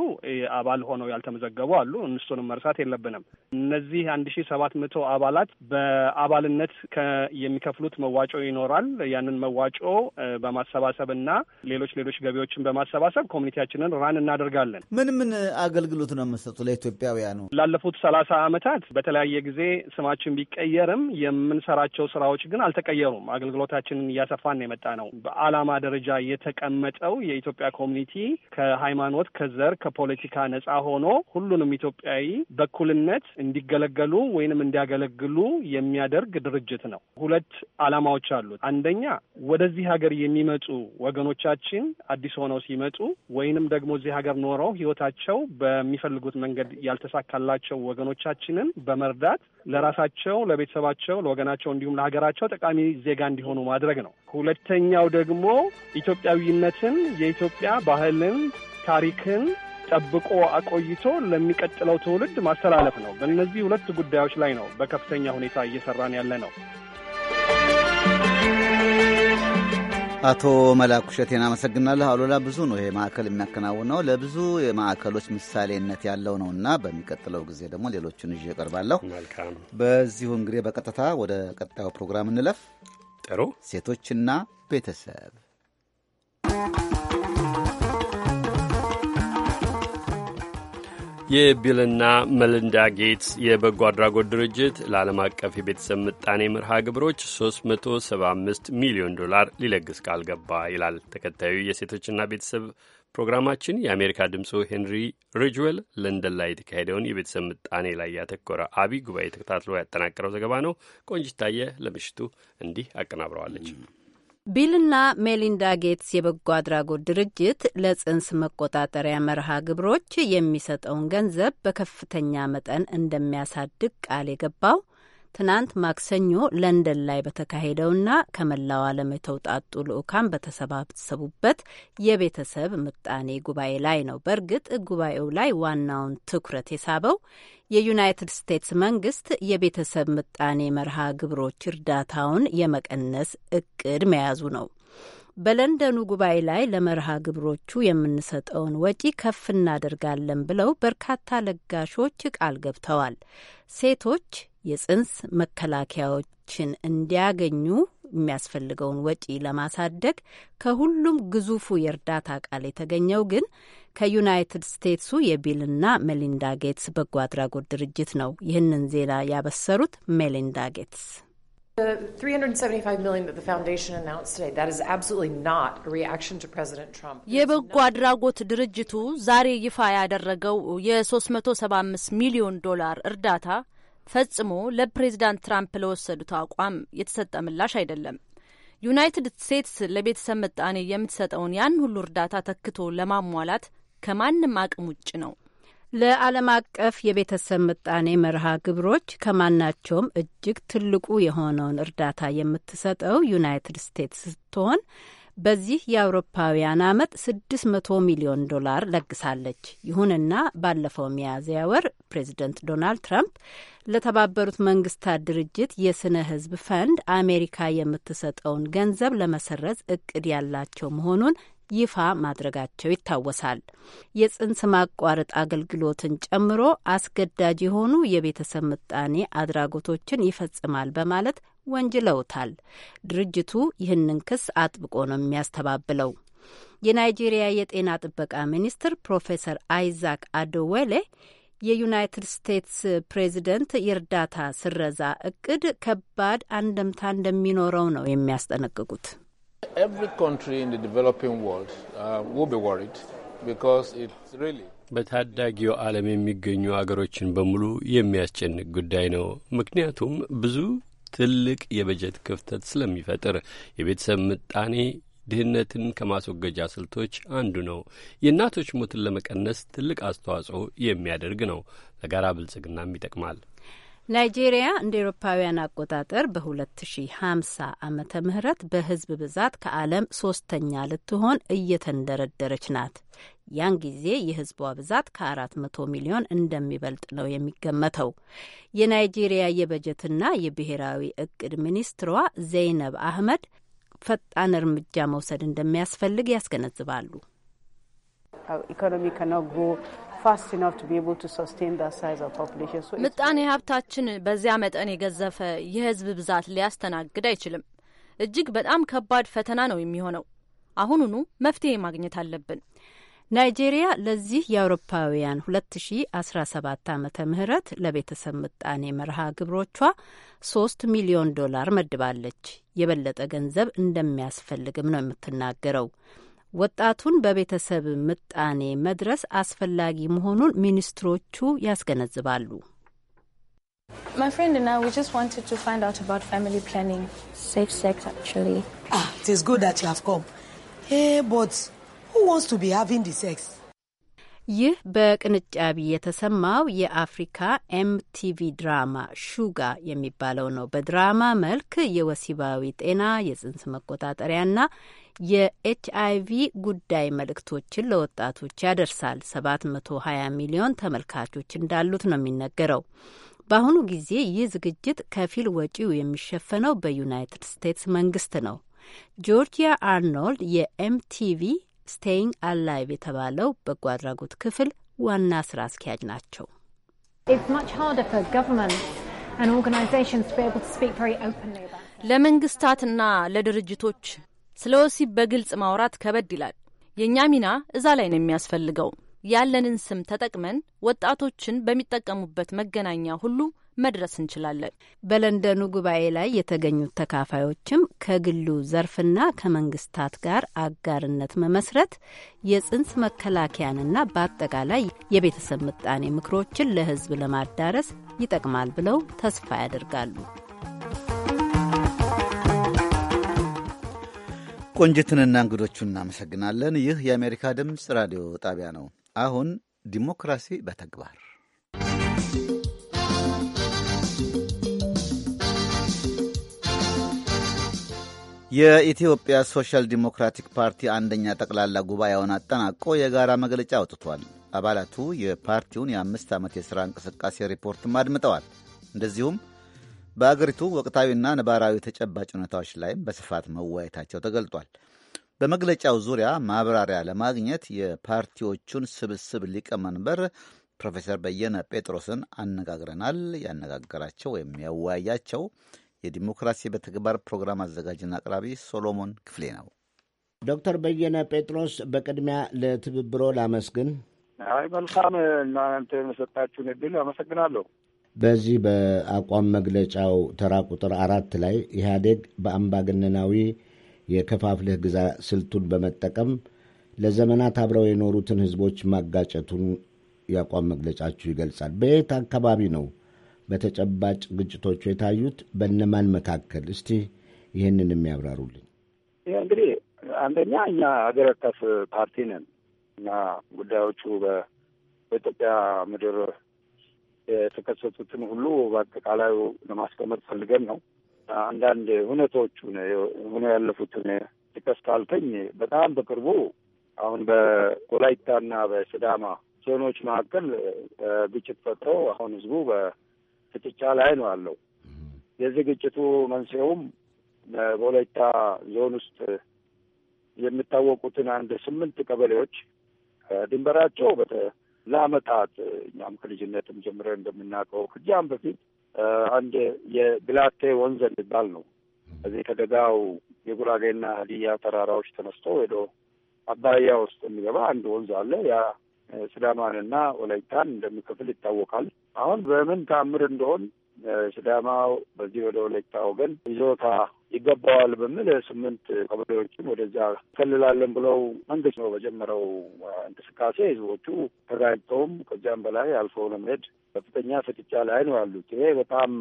አባል ሆነው ያልተመዘገቡ አሉ። እንሱንም መርሳት የለብንም። እነዚህ አንድ ሺ ሰባት መቶ አባላት በአባልነት የሚከፍሉት መዋጮ ይኖራል። ያንን መዋጮ በማሰባሰብ እና ሌሎች ሌሎች ገቢዎችን በማሰባሰብ ኮሚኒቲያችንን ራን እናደርጋለን። ምን ምን አገልግሎት ነው የምንሰጡ ለኢትዮጵያውያኑ? ላለፉት ሰላሳ አመታት በተለያየ ጊዜ ስማችን ቢቀየርም የምንሰራቸው ስራዎች ግን አልተቀየሩም። አገልግሎታችንን እያሰፋን ነው የመጣ ነው። በዓላማ ደረጃ የተቀመጠው የኢትዮጵያ ኮሚኒቲ ከሃይማኖት፣ ከዘር፣ ከፖለቲካ ነጻ ሆኖ ሁሉንም ኢትዮጵያዊ በኩልነት እንዲገለገሉ ወይንም እንዲያገለግሉ የሚያደርግ ድርጅት ነው። ሁለት ዓላማዎች አሉት። አንደኛ ወደዚህ ሀገር የሚመጡ ወገኖቻችን አዲስ ሆነው ሲመጡ ወይንም ደግሞ እዚህ ሀገር ኖረው ህይወታቸው በሚፈልጉት መንገድ ያልተሳካላቸው ወገኖቻችንን በመርዳት ለራሳቸው፣ ለቤተሰባቸው፣ ለወገናቸው እንዲሁም ለሀገራቸው ጠቃሚ ዜጋ እንዲሆ እንዲሆኑ ማድረግ ነው። ሁለተኛው ደግሞ ኢትዮጵያዊነትን፣ የኢትዮጵያ ባህልን፣ ታሪክን ጠብቆ አቆይቶ ለሚቀጥለው ትውልድ ማስተላለፍ ነው። በእነዚህ ሁለት ጉዳዮች ላይ ነው በከፍተኛ ሁኔታ እየሰራን ያለ ነው። አቶ መላኩ ሸቴን አመሰግናለሁ። አሉላ ብዙ ነው ይሄ ማዕከል የሚያከናውነው ለብዙ የማዕከሎች ምሳሌነት ያለው ነው እና በሚቀጥለው ጊዜ ደግሞ ሌሎችን ይዤ እቀርባለሁ። በዚሁ እንግዲህ በቀጥታ ወደ ቀጣዩ ፕሮግራም እንለፍ። ጥሩ ሴቶችና ቤተሰብ የቢልና መልንዳ ጌትስ የበጎ አድራጎት ድርጅት ለዓለም አቀፍ የቤተሰብ ምጣኔ መርሃ ግብሮች 375 ሚሊዮን ዶላር ሊለግስ ቃል ገባ ይላል ተከታዩ የሴቶችና ቤተሰብ ፕሮግራማችን የአሜሪካ ድምፁ ሄንሪ ሪጅዌል ለንደን ላይ የተካሄደውን የቤተሰብ ምጣኔ ላይ ያተኮረ አቢ ጉባኤ ተከታትሎ ያጠናቀረው ዘገባ ነው። ታየ ለምሽቱ እንዲህ አቀናብረዋለች። ቢልና ሜሊንዳ ጌትስ የበጎ አድራጎት ድርጅት ለጽንስ መቆጣጠሪያ መርሃ ግብሮች የሚሰጠውን ገንዘብ በከፍተኛ መጠን እንደሚያሳድግ ቃል የገባው ትናንት ማክሰኞ ለንደን ላይ በተካሄደውና ከመላው ዓለም የተውጣጡ ልዑካን በተሰባሰቡበት የቤተሰብ ምጣኔ ጉባኤ ላይ ነው። በእርግጥ ጉባኤው ላይ ዋናውን ትኩረት የሳበው የዩናይትድ ስቴትስ መንግስት የቤተሰብ ምጣኔ መርሃ ግብሮች እርዳታውን የመቀነስ እቅድ መያዙ ነው። በለንደኑ ጉባኤ ላይ ለመርሃ ግብሮቹ የምንሰጠውን ወጪ ከፍ እናደርጋለን ብለው በርካታ ለጋሾች ቃል ገብተዋል። ሴቶች የጽንስ መከላከያዎችን እንዲያገኙ የሚያስፈልገውን ወጪ ለማሳደግ ከሁሉም ግዙፉ የእርዳታ ቃል የተገኘው ግን ከዩናይትድ ስቴትሱ የቢልና ሜሊንዳ ጌትስ በጎ አድራጎት ድርጅት ነው። ይህንን ዜና ያበሰሩት ሜሊንዳ ጌትስ የበጎ አድራጎት ድርጅቱ ዛሬ ይፋ ያደረገው የ375 ሚሊዮን ዶላር እርዳታ ፈጽሞ ለፕሬዚዳንት ትራምፕ ለወሰዱት አቋም የተሰጠ ምላሽ አይደለም። ዩናይትድ ስቴትስ ለቤተሰብ ምጣኔ የምትሰጠውን ያን ሁሉ እርዳታ ተክቶ ለማሟላት ከማንም አቅም ውጭ ነው። ለዓለም አቀፍ የቤተሰብ ምጣኔ መርሃ ግብሮች ከማናቸውም እጅግ ትልቁ የሆነውን እርዳታ የምትሰጠው ዩናይትድ ስቴትስ ስትሆን በዚህ የአውሮፓውያን አመት 600 ሚሊዮን ዶላር ለግሳለች። ይሁንና ባለፈው ሚያዝያ ወር ፕሬዚደንት ዶናልድ ትራምፕ ለተባበሩት መንግስታት ድርጅት የስነ ህዝብ ፈንድ አሜሪካ የምትሰጠውን ገንዘብ ለመሰረዝ እቅድ ያላቸው መሆኑን ይፋ ማድረጋቸው ይታወሳል። የጽንስ ማቋረጥ አገልግሎትን ጨምሮ አስገዳጅ የሆኑ የቤተሰብ ምጣኔ አድራጎቶችን ይፈጽማል በማለት ወንጅለውታል። ድርጅቱ ይህንን ክስ አጥብቆ ነው የሚያስተባብለው። የናይጄሪያ የጤና ጥበቃ ሚኒስትር ፕሮፌሰር አይዛክ አዶዌሌ የዩናይትድ ስቴትስ ፕሬዚደንት የእርዳታ ስረዛ እቅድ ከባድ አንደምታ እንደሚኖረው ነው የሚያስጠነቅቁት። uh, በታዳጊው ዓለም የሚገኙ አገሮችን በሙሉ የሚያስጨንቅ ጉዳይ ነው። ምክንያቱም ብዙ ትልቅ የበጀት ክፍተት ስለሚፈጥር የቤተሰብ ምጣኔ ድህነትን ከማስወገጃ ስልቶች አንዱ ነው። የእናቶች ሞትን ለመቀነስ ትልቅ አስተዋጽኦ የሚያደርግ ነው። ለጋራ ብልጽግናም ይጠቅማል። ናይጄሪያ እንደ ኤሮፓውያን አቆጣጠር በ2050 ዓመተ ምህረት በህዝብ ብዛት ከዓለም ሶስተኛ ልትሆን እየተንደረደረች ናት። ያን ጊዜ የህዝቧ ብዛት ከ400 ሚሊዮን እንደሚበልጥ ነው የሚገመተው። የናይጄሪያ የበጀትና የብሔራዊ እቅድ ሚኒስትሯ ዘይነብ አህመድ ፈጣን እርምጃ መውሰድ እንደሚያስፈልግ ያስገነዝባሉ። ምጣኔ ሀብታችን በዚያ መጠን የገዘፈ የህዝብ ብዛት ሊያስተናግድ አይችልም። እጅግ በጣም ከባድ ፈተና ነው የሚሆነው። አሁኑኑ መፍትሄ ማግኘት አለብን። ናይጄሪያ ለዚህ የአውሮፓውያን 2017 ዓመተ ምህረት ለቤተሰብ ምጣኔ መርሃ ግብሮቿ ሶስት ሚሊዮን ዶላር መድባለች። የበለጠ ገንዘብ እንደሚያስፈልግም ነው የምትናገረው። ወጣቱን በቤተሰብ ምጣኔ መድረስ አስፈላጊ መሆኑን ሚኒስትሮቹ ያስገነዝባሉ። My friend and I, we just wanted to find out about family planning. Safe sex, actually. Ah, it is good that you have come. Hey, eh, but ይህ በቅንጫቢ የተሰማው የአፍሪካ ኤምቲቪ ድራማ ሹጋ የሚባለው ነው። በድራማ መልክ የወሲባዊ ጤና፣ የጽንስ መቆጣጠሪያና የኤች ቪ ጉዳይ መልእክቶችን ለወጣቶች ያደርሳል። 720 ሚሊዮን ተመልካቾች እንዳሉት ነው የሚነገረው። በአሁኑ ጊዜ ይህ ዝግጅት ከፊል ወጪው የሚሸፈነው በዩናይትድ ስቴትስ መንግስት ነው። ጆርጂያ አርኖልድ የኤምቲቪ ስቴይንግ አላይቭ የተባለው በጎ አድራጎት ክፍል ዋና ስራ አስኪያጅ ናቸው። ለመንግስታትና ለድርጅቶች ስለ ወሲብ በግልጽ ማውራት ከበድ ይላል። የእኛ ሚና እዛ ላይ ነው የሚያስፈልገው። ያለንን ስም ተጠቅመን ወጣቶችን በሚጠቀሙበት መገናኛ ሁሉ መድረስ እንችላለን። በለንደኑ ጉባኤ ላይ የተገኙት ተካፋዮችም ከግሉ ዘርፍና ከመንግስታት ጋር አጋርነት መመስረት የጽንስ መከላከያንና በአጠቃላይ የቤተሰብ ምጣኔ ምክሮችን ለህዝብ ለማዳረስ ይጠቅማል ብለው ተስፋ ያደርጋሉ። ቆንጅትንና እንግዶቹ እናመሰግናለን። ይህ የአሜሪካ ድምፅ ራዲዮ ጣቢያ ነው። አሁን ዲሞክራሲ በተግባር የኢትዮጵያ ሶሻል ዲሞክራቲክ ፓርቲ አንደኛ ጠቅላላ ጉባኤውን አጠናቆ የጋራ መግለጫ አውጥቷል። አባላቱ የፓርቲውን የአምስት ዓመት የሥራ እንቅስቃሴ ሪፖርትም አድምጠዋል። እንደዚሁም በአገሪቱ ወቅታዊና ነባራዊ ተጨባጭ ሁኔታዎች ላይም በስፋት መወያየታቸው ተገልጧል። በመግለጫው ዙሪያ ማብራሪያ ለማግኘት የፓርቲዎቹን ስብስብ ሊቀመንበር ፕሮፌሰር በየነ ጴጥሮስን አነጋግረናል። ያነጋገራቸው ወይም ያወያያቸው የዲሞክራሲ በተግባር ፕሮግራም አዘጋጅና አቅራቢ ሶሎሞን ክፍሌ ነው። ዶክተር በየነ ጴጥሮስ በቅድሚያ ለትብብሮ ላመስግን። አይ መልካም እናንተ የመሰጣችሁን እድል አመሰግናለሁ። በዚህ በአቋም መግለጫው ተራ ቁጥር አራት ላይ ኢህአዴግ በአምባገነናዊ የከፋፍልህ ግዛ ስልቱን በመጠቀም ለዘመናት አብረው የኖሩትን ህዝቦች ማጋጨቱን የአቋም መግለጫችሁ ይገልጻል። በየት አካባቢ ነው በተጨባጭ ግጭቶቹ የታዩት በእነማን መካከል? እስቲ ይህንን የሚያብራሩልኝ። ይህ እንግዲህ አንደኛ እኛ ሀገር አቀፍ ፓርቲ ነን እና ጉዳዮቹ በኢትዮጵያ ምድር የተከሰቱትን ሁሉ በአጠቃላዩ ለማስቀመጥ ፈልገን ነው። አንዳንድ ሁነቶቹን ሆነ ያለፉትን ጥቀስ ካልተኝ በጣም በቅርቡ አሁን በወላይታና በስዳማ ዞኖች መካከል ግጭት ፈጥሮ አሁን ህዝቡ ፍጥጫ ላይ ነው አለው። የዚህ ግጭቱ መንስኤውም በወላይታ ዞን ውስጥ የሚታወቁትን አንድ ስምንት ቀበሌዎች ድንበራቸው ለአመታት እኛም ከልጅነትም ጀምረን እንደምናውቀው ከዚያም በፊት አንድ የግላቴ ወንዝ የሚባል ነው እዚህ ከደጋው የጉራጌና ሀዲያ ተራራዎች ተነስቶ ሄዶ አባያ ውስጥ የሚገባ አንድ ወንዝ አለ። ያ ስዳማንና ወላይታን እንደሚከፍል ይታወቃል። አሁን በምን ተአምር እንደሆን ስዳማው በዚህ ወደ ወላይታ ወገን ይዞታ ይገባዋል በሚል ስምንት ቀበሌዎችን ወደዛ ፈልላለን ብለው መንግስት ነው በጀመረው እንቅስቃሴ ህዝቦቹ ተጋጭተውም ከዚያም በላይ አልፎ ለመሄድ ከፍተኛ ፍጥጫ ላይ ነው ያሉት። ይሄ በጣም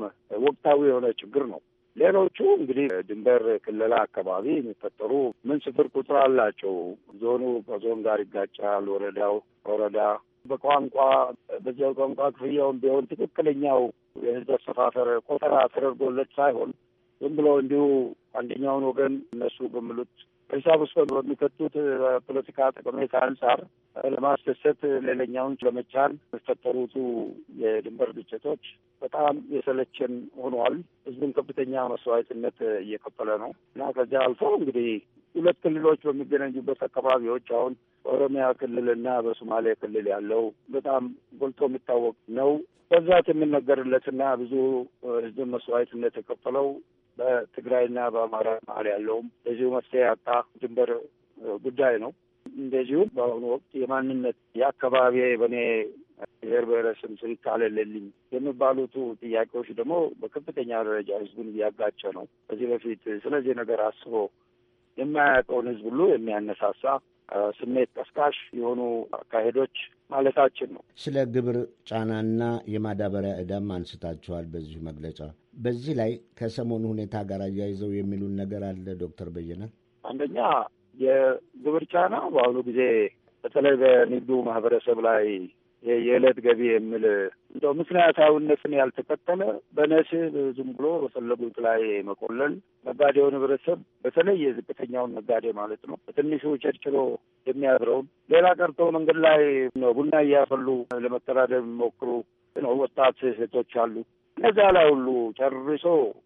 ወቅታዊ የሆነ ችግር ነው። ሌሎቹ እንግዲህ ድንበር ክልላ አካባቢ የሚፈጠሩ ምን ስፍር ቁጥር አላቸው። ዞኑ ከዞን ጋር ይጋጫል። ወረዳው ወረዳ በቋንቋ በዚያው ቋንቋ ክፍያውን ቢሆን ትክክለኛው የህዝብ አሰፋፈር ቆጠራ ተደርጎለት ሳይሆን ዝም ብሎ እንዲሁ አንደኛውን ወገን እነሱ በሚሉት ሂሳብ ውስጥ በሚከቱት ፖለቲካ ጠቀሜታ አንጻር ለማስደሰት ሌላኛውን ለመቻል የተፈጠሩት የድንበር ግጭቶች በጣም የሰለችን ሆኗል። ህዝቡን ከፍተኛ መስዋዕትነት እየከፈለ ነው እና ከዚያ አልፎ እንግዲህ ሁለት ክልሎች በሚገናኙበት አካባቢዎች አሁን በኦሮሚያ ክልል እና በሶማሌ ክልል ያለው በጣም ጎልቶ የሚታወቅ ነው። በዛት የሚነገርለትና ብዙ ህዝብን መስዋዕትነት የከፈለው በትግራይና በአማራ መሀል ያለውም እንደዚሁ መፍትሄ ያጣ ድንበር ጉዳይ ነው። እንደዚሁም በአሁኑ ወቅት የማንነት የአካባቢ በእኔ ብሔር ብሔረሰብ ስም ካልለልኝ የሚባሉቱ ጥያቄዎች ደግሞ በከፍተኛ ደረጃ ህዝቡን እያጋጨ ነው። ከዚህ በፊት ስለዚህ ነገር አስቦ የማያውቀውን ህዝብ ሁሉ የሚያነሳሳ ስሜት ቀስቃሽ የሆኑ አካሄዶች ማለታችን ነው። ስለ ግብር ጫናና የማዳበሪያ ዕዳም አንስታችኋል በዚሁ መግለጫ። በዚህ ላይ ከሰሞኑ ሁኔታ ጋር አያይዘው የሚሉን ነገር አለ ዶክተር በየነ? አንደኛ የግብር ጫና በአሁኑ ጊዜ በተለይ በንግዱ ማህበረሰብ ላይ የዕለት ገቢ የሚል እንደው ምክንያታዊነትን ያልተከተለ በነስብ ዝም ብሎ በፈለጉት ላይ መቆለል ነጋዴው ህብረተሰብ በተለይ የዝቅተኛውን ነጋዴ ማለት ነው በትንሹ ቸርችሎ የሚያድረውን ሌላ ቀርቶ መንገድ ላይ ቡና እያፈሉ ለመተዳደር የሚሞክሩ ወጣት ሴቶች አሉ። እነዚ ላይ ሁሉ ጨርሶ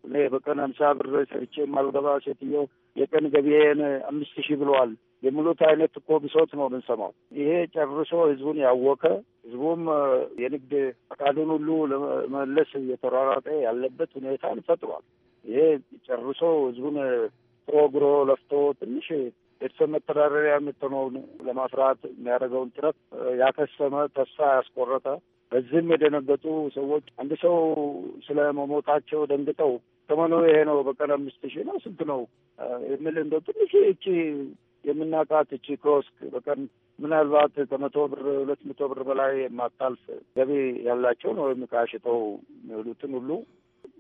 እኔ በቀን ሀምሳ ብር ሰርቼ የማልገባ ሴትዮ የቀን ገቢዬን አምስት ሺህ ብለዋል የሚሉት አይነት እኮ ብሶት ነው የምንሰማው። ይሄ ጨርሶ ህዝቡን ያወከ ህዝቡም የንግድ ፈቃዱን ሁሉ ለመመለስ እየተሯሯጠ ያለበት ሁኔታን ፈጥሯል። ይሄ ጨርሶ ህዝቡን ተወግሮ ለፍቶ ትንሽ ቤተሰብ መተዳደሪያ የምትሆነውን ለማፍራት የሚያደርገውን ጥረት ያከሰመ፣ ተስፋ ያስቆረጠ በዚህም የደነገጡ ሰዎች አንድ ሰው ስለ መሞታቸው ደንግጠው ተመኖ ይሄ ነው በቀን አምስት ሺህ ነው ስንት ነው የሚል እንደ ትንሽ እቺ የምናውቃት እቺ ክሮስክ በቀን ምናልባት ከመቶ ብር ሁለት መቶ ብር በላይ የማታልፍ ገቢ ያላቸው ነው ወይም ዕቃ ሽጠው የሚውሉትን ሁሉ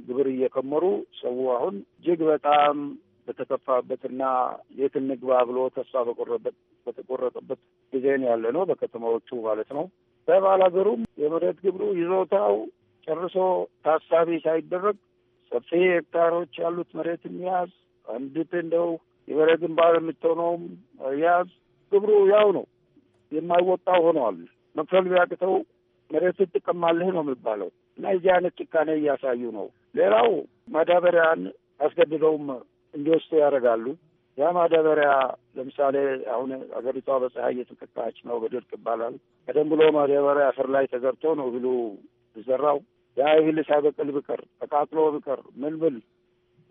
ግብር እየከመሩ ሰው አሁን እጅግ በጣም በተከፋበትና የት እንግባ ብሎ ተስፋ በቆረበት በተቆረጠበት ጊዜ ነው ያለ ነው። በከተማዎቹ ማለት ነው። በባላገሩም የመሬት ግብሩ ይዞታው ጨርሶ ታሳቢ ሳይደረግ ሰፊ ሄክታሮች ያሉት መሬትን ያዝ፣ አንዲት እንደው የመሬት ግንባር የምትሆነውም ያዝ። ግብሩ ያው ነው የማይወጣው ሆነዋል። መክፈል ቢያቅተው መሬት ትቀማለህ ነው የሚባለው እና የዚህ አይነት ጭካኔ እያሳዩ ነው። ሌላው ማዳበሪያን አስገድደውም እንዲወስዱ ያደርጋሉ። ያ ማዳበሪያ ለምሳሌ አሁን አገሪቷ በፀሐይ እየተቀጣች ነው፣ በድርቅ ይባላል። ቀደም ብሎ ማዳበሪያ አፈር ላይ ተዘርቶ ነው እህሉ ዘራው። ያ እህል ሳይበቅል ብቅር ተቃጥሎ ብቅር ምን ብል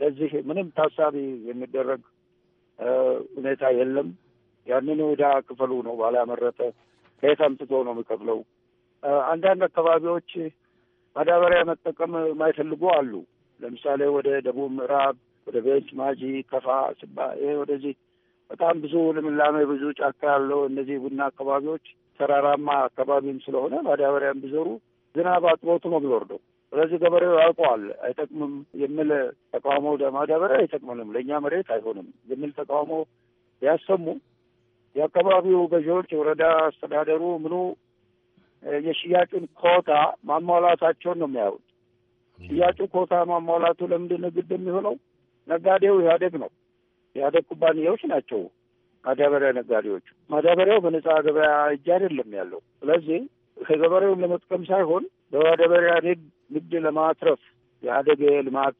ለዚህ ምንም ታሳቢ የሚደረግ ሁኔታ የለም። ያንን ዕዳ ክፈሉ ነው። ባላ ያመረተ ከየት አምጥቶ ነው የሚከፍለው? አንዳንድ አካባቢዎች ማዳበሪያ መጠቀም የማይፈልጉ አሉ። ለምሳሌ ወደ ደቡብ ምዕራብ ወደ ቤት ማጂ፣ ከፋ፣ ስባ ይሄ ወደዚህ በጣም ብዙ ልምላሜ ብዙ ጫካ ያለው እነዚህ ቡና አካባቢዎች ተራራማ አካባቢም ስለሆነ ማዳበሪያም ቢዘሩ ዝናብ አጥቦት ነው የሚወርደው። ስለዚህ ገበሬው ያውቀዋል። አይጠቅምም የሚል ተቃውሞ ማዳበሪያ አይጠቅምንም፣ ለእኛ መሬት አይሆንም የሚል ተቃውሞ ያሰሙ የአካባቢው ገዢዎች፣ የወረዳ አስተዳደሩ ምኑ የሽያጩን ኮታ ማሟላታቸውን ነው የሚያዩት። ሽያጩ ኮታ ማሟላቱ ለምንድን ነው ግድ የሚሆነው? ነጋዴው ኢህአዴግ ነው። ኢህአዴግ ኩባንያዎች ናቸው ማዳበሪያ ነጋዴዎቹ። ማዳበሪያው በነጻ ገበያ እጅ አይደለም ያለው። ስለዚህ ከገበሬውን ለመጥቀም ሳይሆን በማዳበሪያ ንግድ ለማትረፍ የአደገ ልማት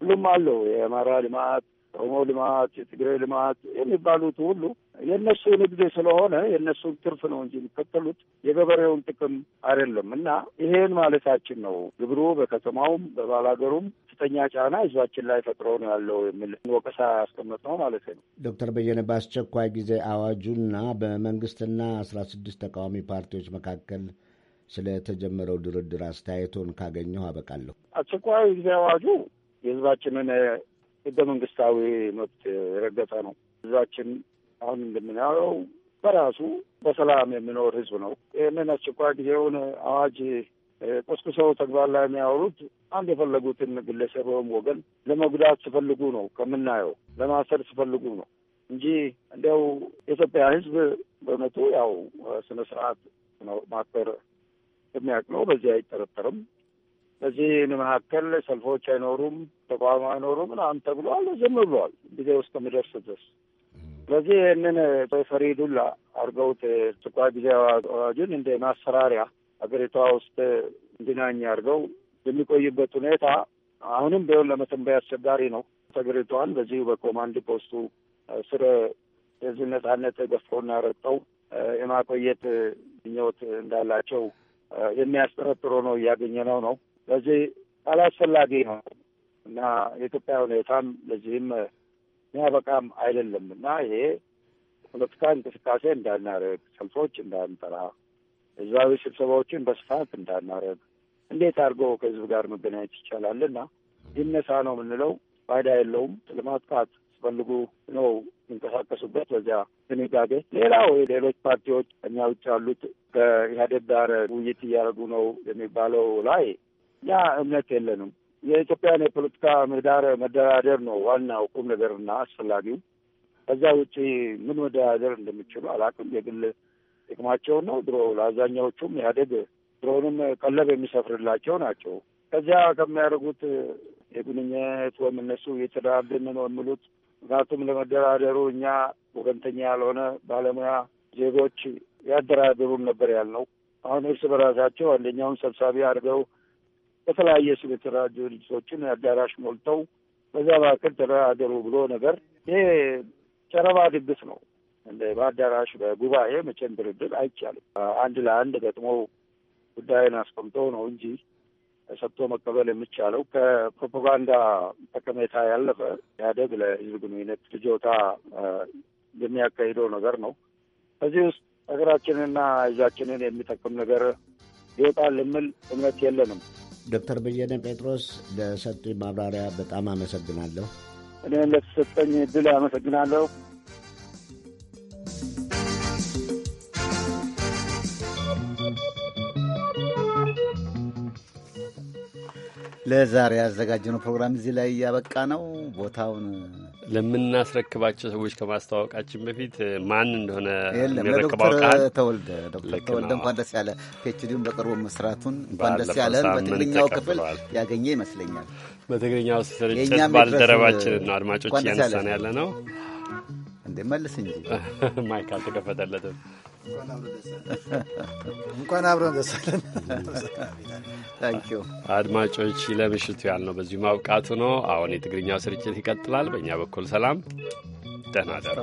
ሁሉም አለው። የአማራ ልማት፣ ኦሮሞ ልማት፣ የትግራይ ልማት የሚባሉት ሁሉ የእነሱ ንግድ ስለሆነ የእነሱን ትርፍ ነው እንጂ የሚከተሉት የገበሬውን ጥቅም አይደለም። እና ይሄን ማለታችን ነው። ግብሩ በከተማውም በባላገሩም ከፍተኛ ጫና ህዝባችን ላይ ፈጥሮ ነው ያለው የሚል ወቀሳ ያስቀመጥ ነው ማለት ነው። ዶክተር በየነ በአስቸኳይ ጊዜ አዋጁና በመንግስትና አስራ ስድስት ተቃዋሚ ፓርቲዎች መካከል ስለተጀመረው ድርድር አስተያየቶን ካገኘሁ አበቃለሁ። አስቸኳይ ጊዜ አዋጁ የህዝባችንን ህገ መንግስታዊ መብት የረገጠ ነው። ህዝባችን አሁን እንደምናየው በራሱ በሰላም የሚኖር ህዝብ ነው። ይህንን አስቸኳይ ጊዜውን አዋጅ ቆስቁሰው ተግባር ላይ የሚያወሩት አንድ የፈለጉትን ግለሰብም ወገን ለመጉዳት ሲፈልጉ ነው ከምናየው፣ ለማሰር ሲፈልጉ ነው እንጂ እንዲያው የኢትዮጵያ ሕዝብ በእውነቱ ያው ስነ ስርዓት ነው ማክበር የሚያውቅ ነው። በዚህ አይጠረጠርም። በዚህ መካከል ሰልፎች አይኖሩም፣ ተቋም አይኖሩም ምናምን ተብሏል። ዝም ብሏል ጊዜ ውስጥ ከሚደርስ ድረስ ስለዚህ ይህንን ሬፈሪ ዱላ አድርገውት አስቸኳይ ጊዜ አዋጁን እንደ ማሰራሪያ ሀገሪቷ ውስጥ እንዲናኝ አድርገው የሚቆይበት ሁኔታ አሁንም ቢሆን ለመተንበይ አስቸጋሪ ነው። ሀገሪቷን በዚሁ በኮማንድ ፖስቱ ስር የህዝብ ነጻነት ገፍቶና ረግጠው የማቆየት ምኞት እንዳላቸው የሚያስጠረጥሮ ነው እያገኘ ነው ነው በዚህ አላስፈላጊ ነው እና የኢትዮጵያ ሁኔታም ለዚህም ሚያበቃም አይደለም እና ይሄ ፖለቲካ እንቅስቃሴ እንዳናረግ ሰልፎች እንዳንጠራ ህዝባዊ ስብሰባዎችን በስፋት እንዳናረግ እንዴት አድርጎ ከህዝብ ጋር መገናኘት ይቻላልና ይነሳ ነው የምንለው። ፋይዳ የለውም። ለማጥፋት ስፈልጉ ነው የሚንቀሳቀሱበት። በዚያ ድንጋጌ ሌላው ሌሎች ፓርቲዎች እኛ ውጭ ያሉት ከኢህአዴግ ጋር ውይይት እያደረጉ ነው የሚባለው ላይ ያ እምነት የለንም። የኢትዮጵያን የፖለቲካ ምህዳር መደራደር ነው ዋናው ቁም ነገርና አስፈላጊው። ከዛ ውጭ ምን መደራደር እንደሚችሉ አላውቅም። የግል ጥቅማቸውን ነው። ድሮ ለአብዛኛዎቹም ኢህአዴግ ድሮንም ቀለብ የሚሰፍርላቸው ናቸው። ከዚያ ከሚያደርጉት የግንኙነት ወይም እነሱ የተደራድን ነው የሚሉት ምክንያቱም ለመደራደሩ እኛ ወገንተኛ ያልሆነ ባለሙያ ዜጎች ያደራድሩን ነበር ያልነው። አሁን እርስ በራሳቸው አንደኛውን ሰብሳቢ አድርገው በተለያየ ስም የተደራጁ ድርጅቶችን አዳራሽ ሞልተው በዛ መካከል ተደራደሩ ብሎ ነገር ይሄ ጨረባ ድግስ ነው። በአዳራሽ በጉባኤ መቼም ድርድር አይቻልም። አንድ ለአንድ ገጥሞ ጉዳይን አስቀምጦ ነው እንጂ ሰጥቶ መቀበል የሚቻለው ከፕሮፓጋንዳ ጠቀሜታ ያለፈ ያደግ ለህዝብ ግንኙነት ፍጆታ የሚያካሂደው ነገር ነው። ከዚህ ውስጥ ሀገራችንንና ህዝባችንን የሚጠቅም ነገር ይወጣል የሚል እምነት የለንም። ዶክተር በየነ ጴጥሮስ ለሰጡኝ ማብራሪያ በጣም አመሰግናለሁ። እኔ ለተሰጠኝ እድል አመሰግናለሁ። ለዛሬ ያዘጋጀነው ፕሮግራም እዚህ ላይ እያበቃ ነው። ቦታውን ለምናስረክባቸው ሰዎች ከማስተዋወቃችን በፊት ማን እንደሆነ የሚረክበው ቃል ተወልደ ዶክተር ተወልደ እንኳን ደስ ያለ ፒኤችዲውን በቅርቡ መስራቱን እንኳን ደስ ያለን በትግርኛው ክፍል ያገኘ ይመስለኛል። በትግርኛው ስርጭት ባልደረባችን ነው አድማጮች እያነሳን ያለ ነው እንዴ መልስ እንጂ <laughs> ማይክ አልተከፈተለትም። እንኳን አብረን ደስ አለን። አድማጮች ለምሽቱ ያልነው በዚሁ ማብቃቱ ነው። አሁን የትግርኛው ስርጭት ይቀጥላል። በእኛ በኩል ሰላም፣ ደህና ደሩ።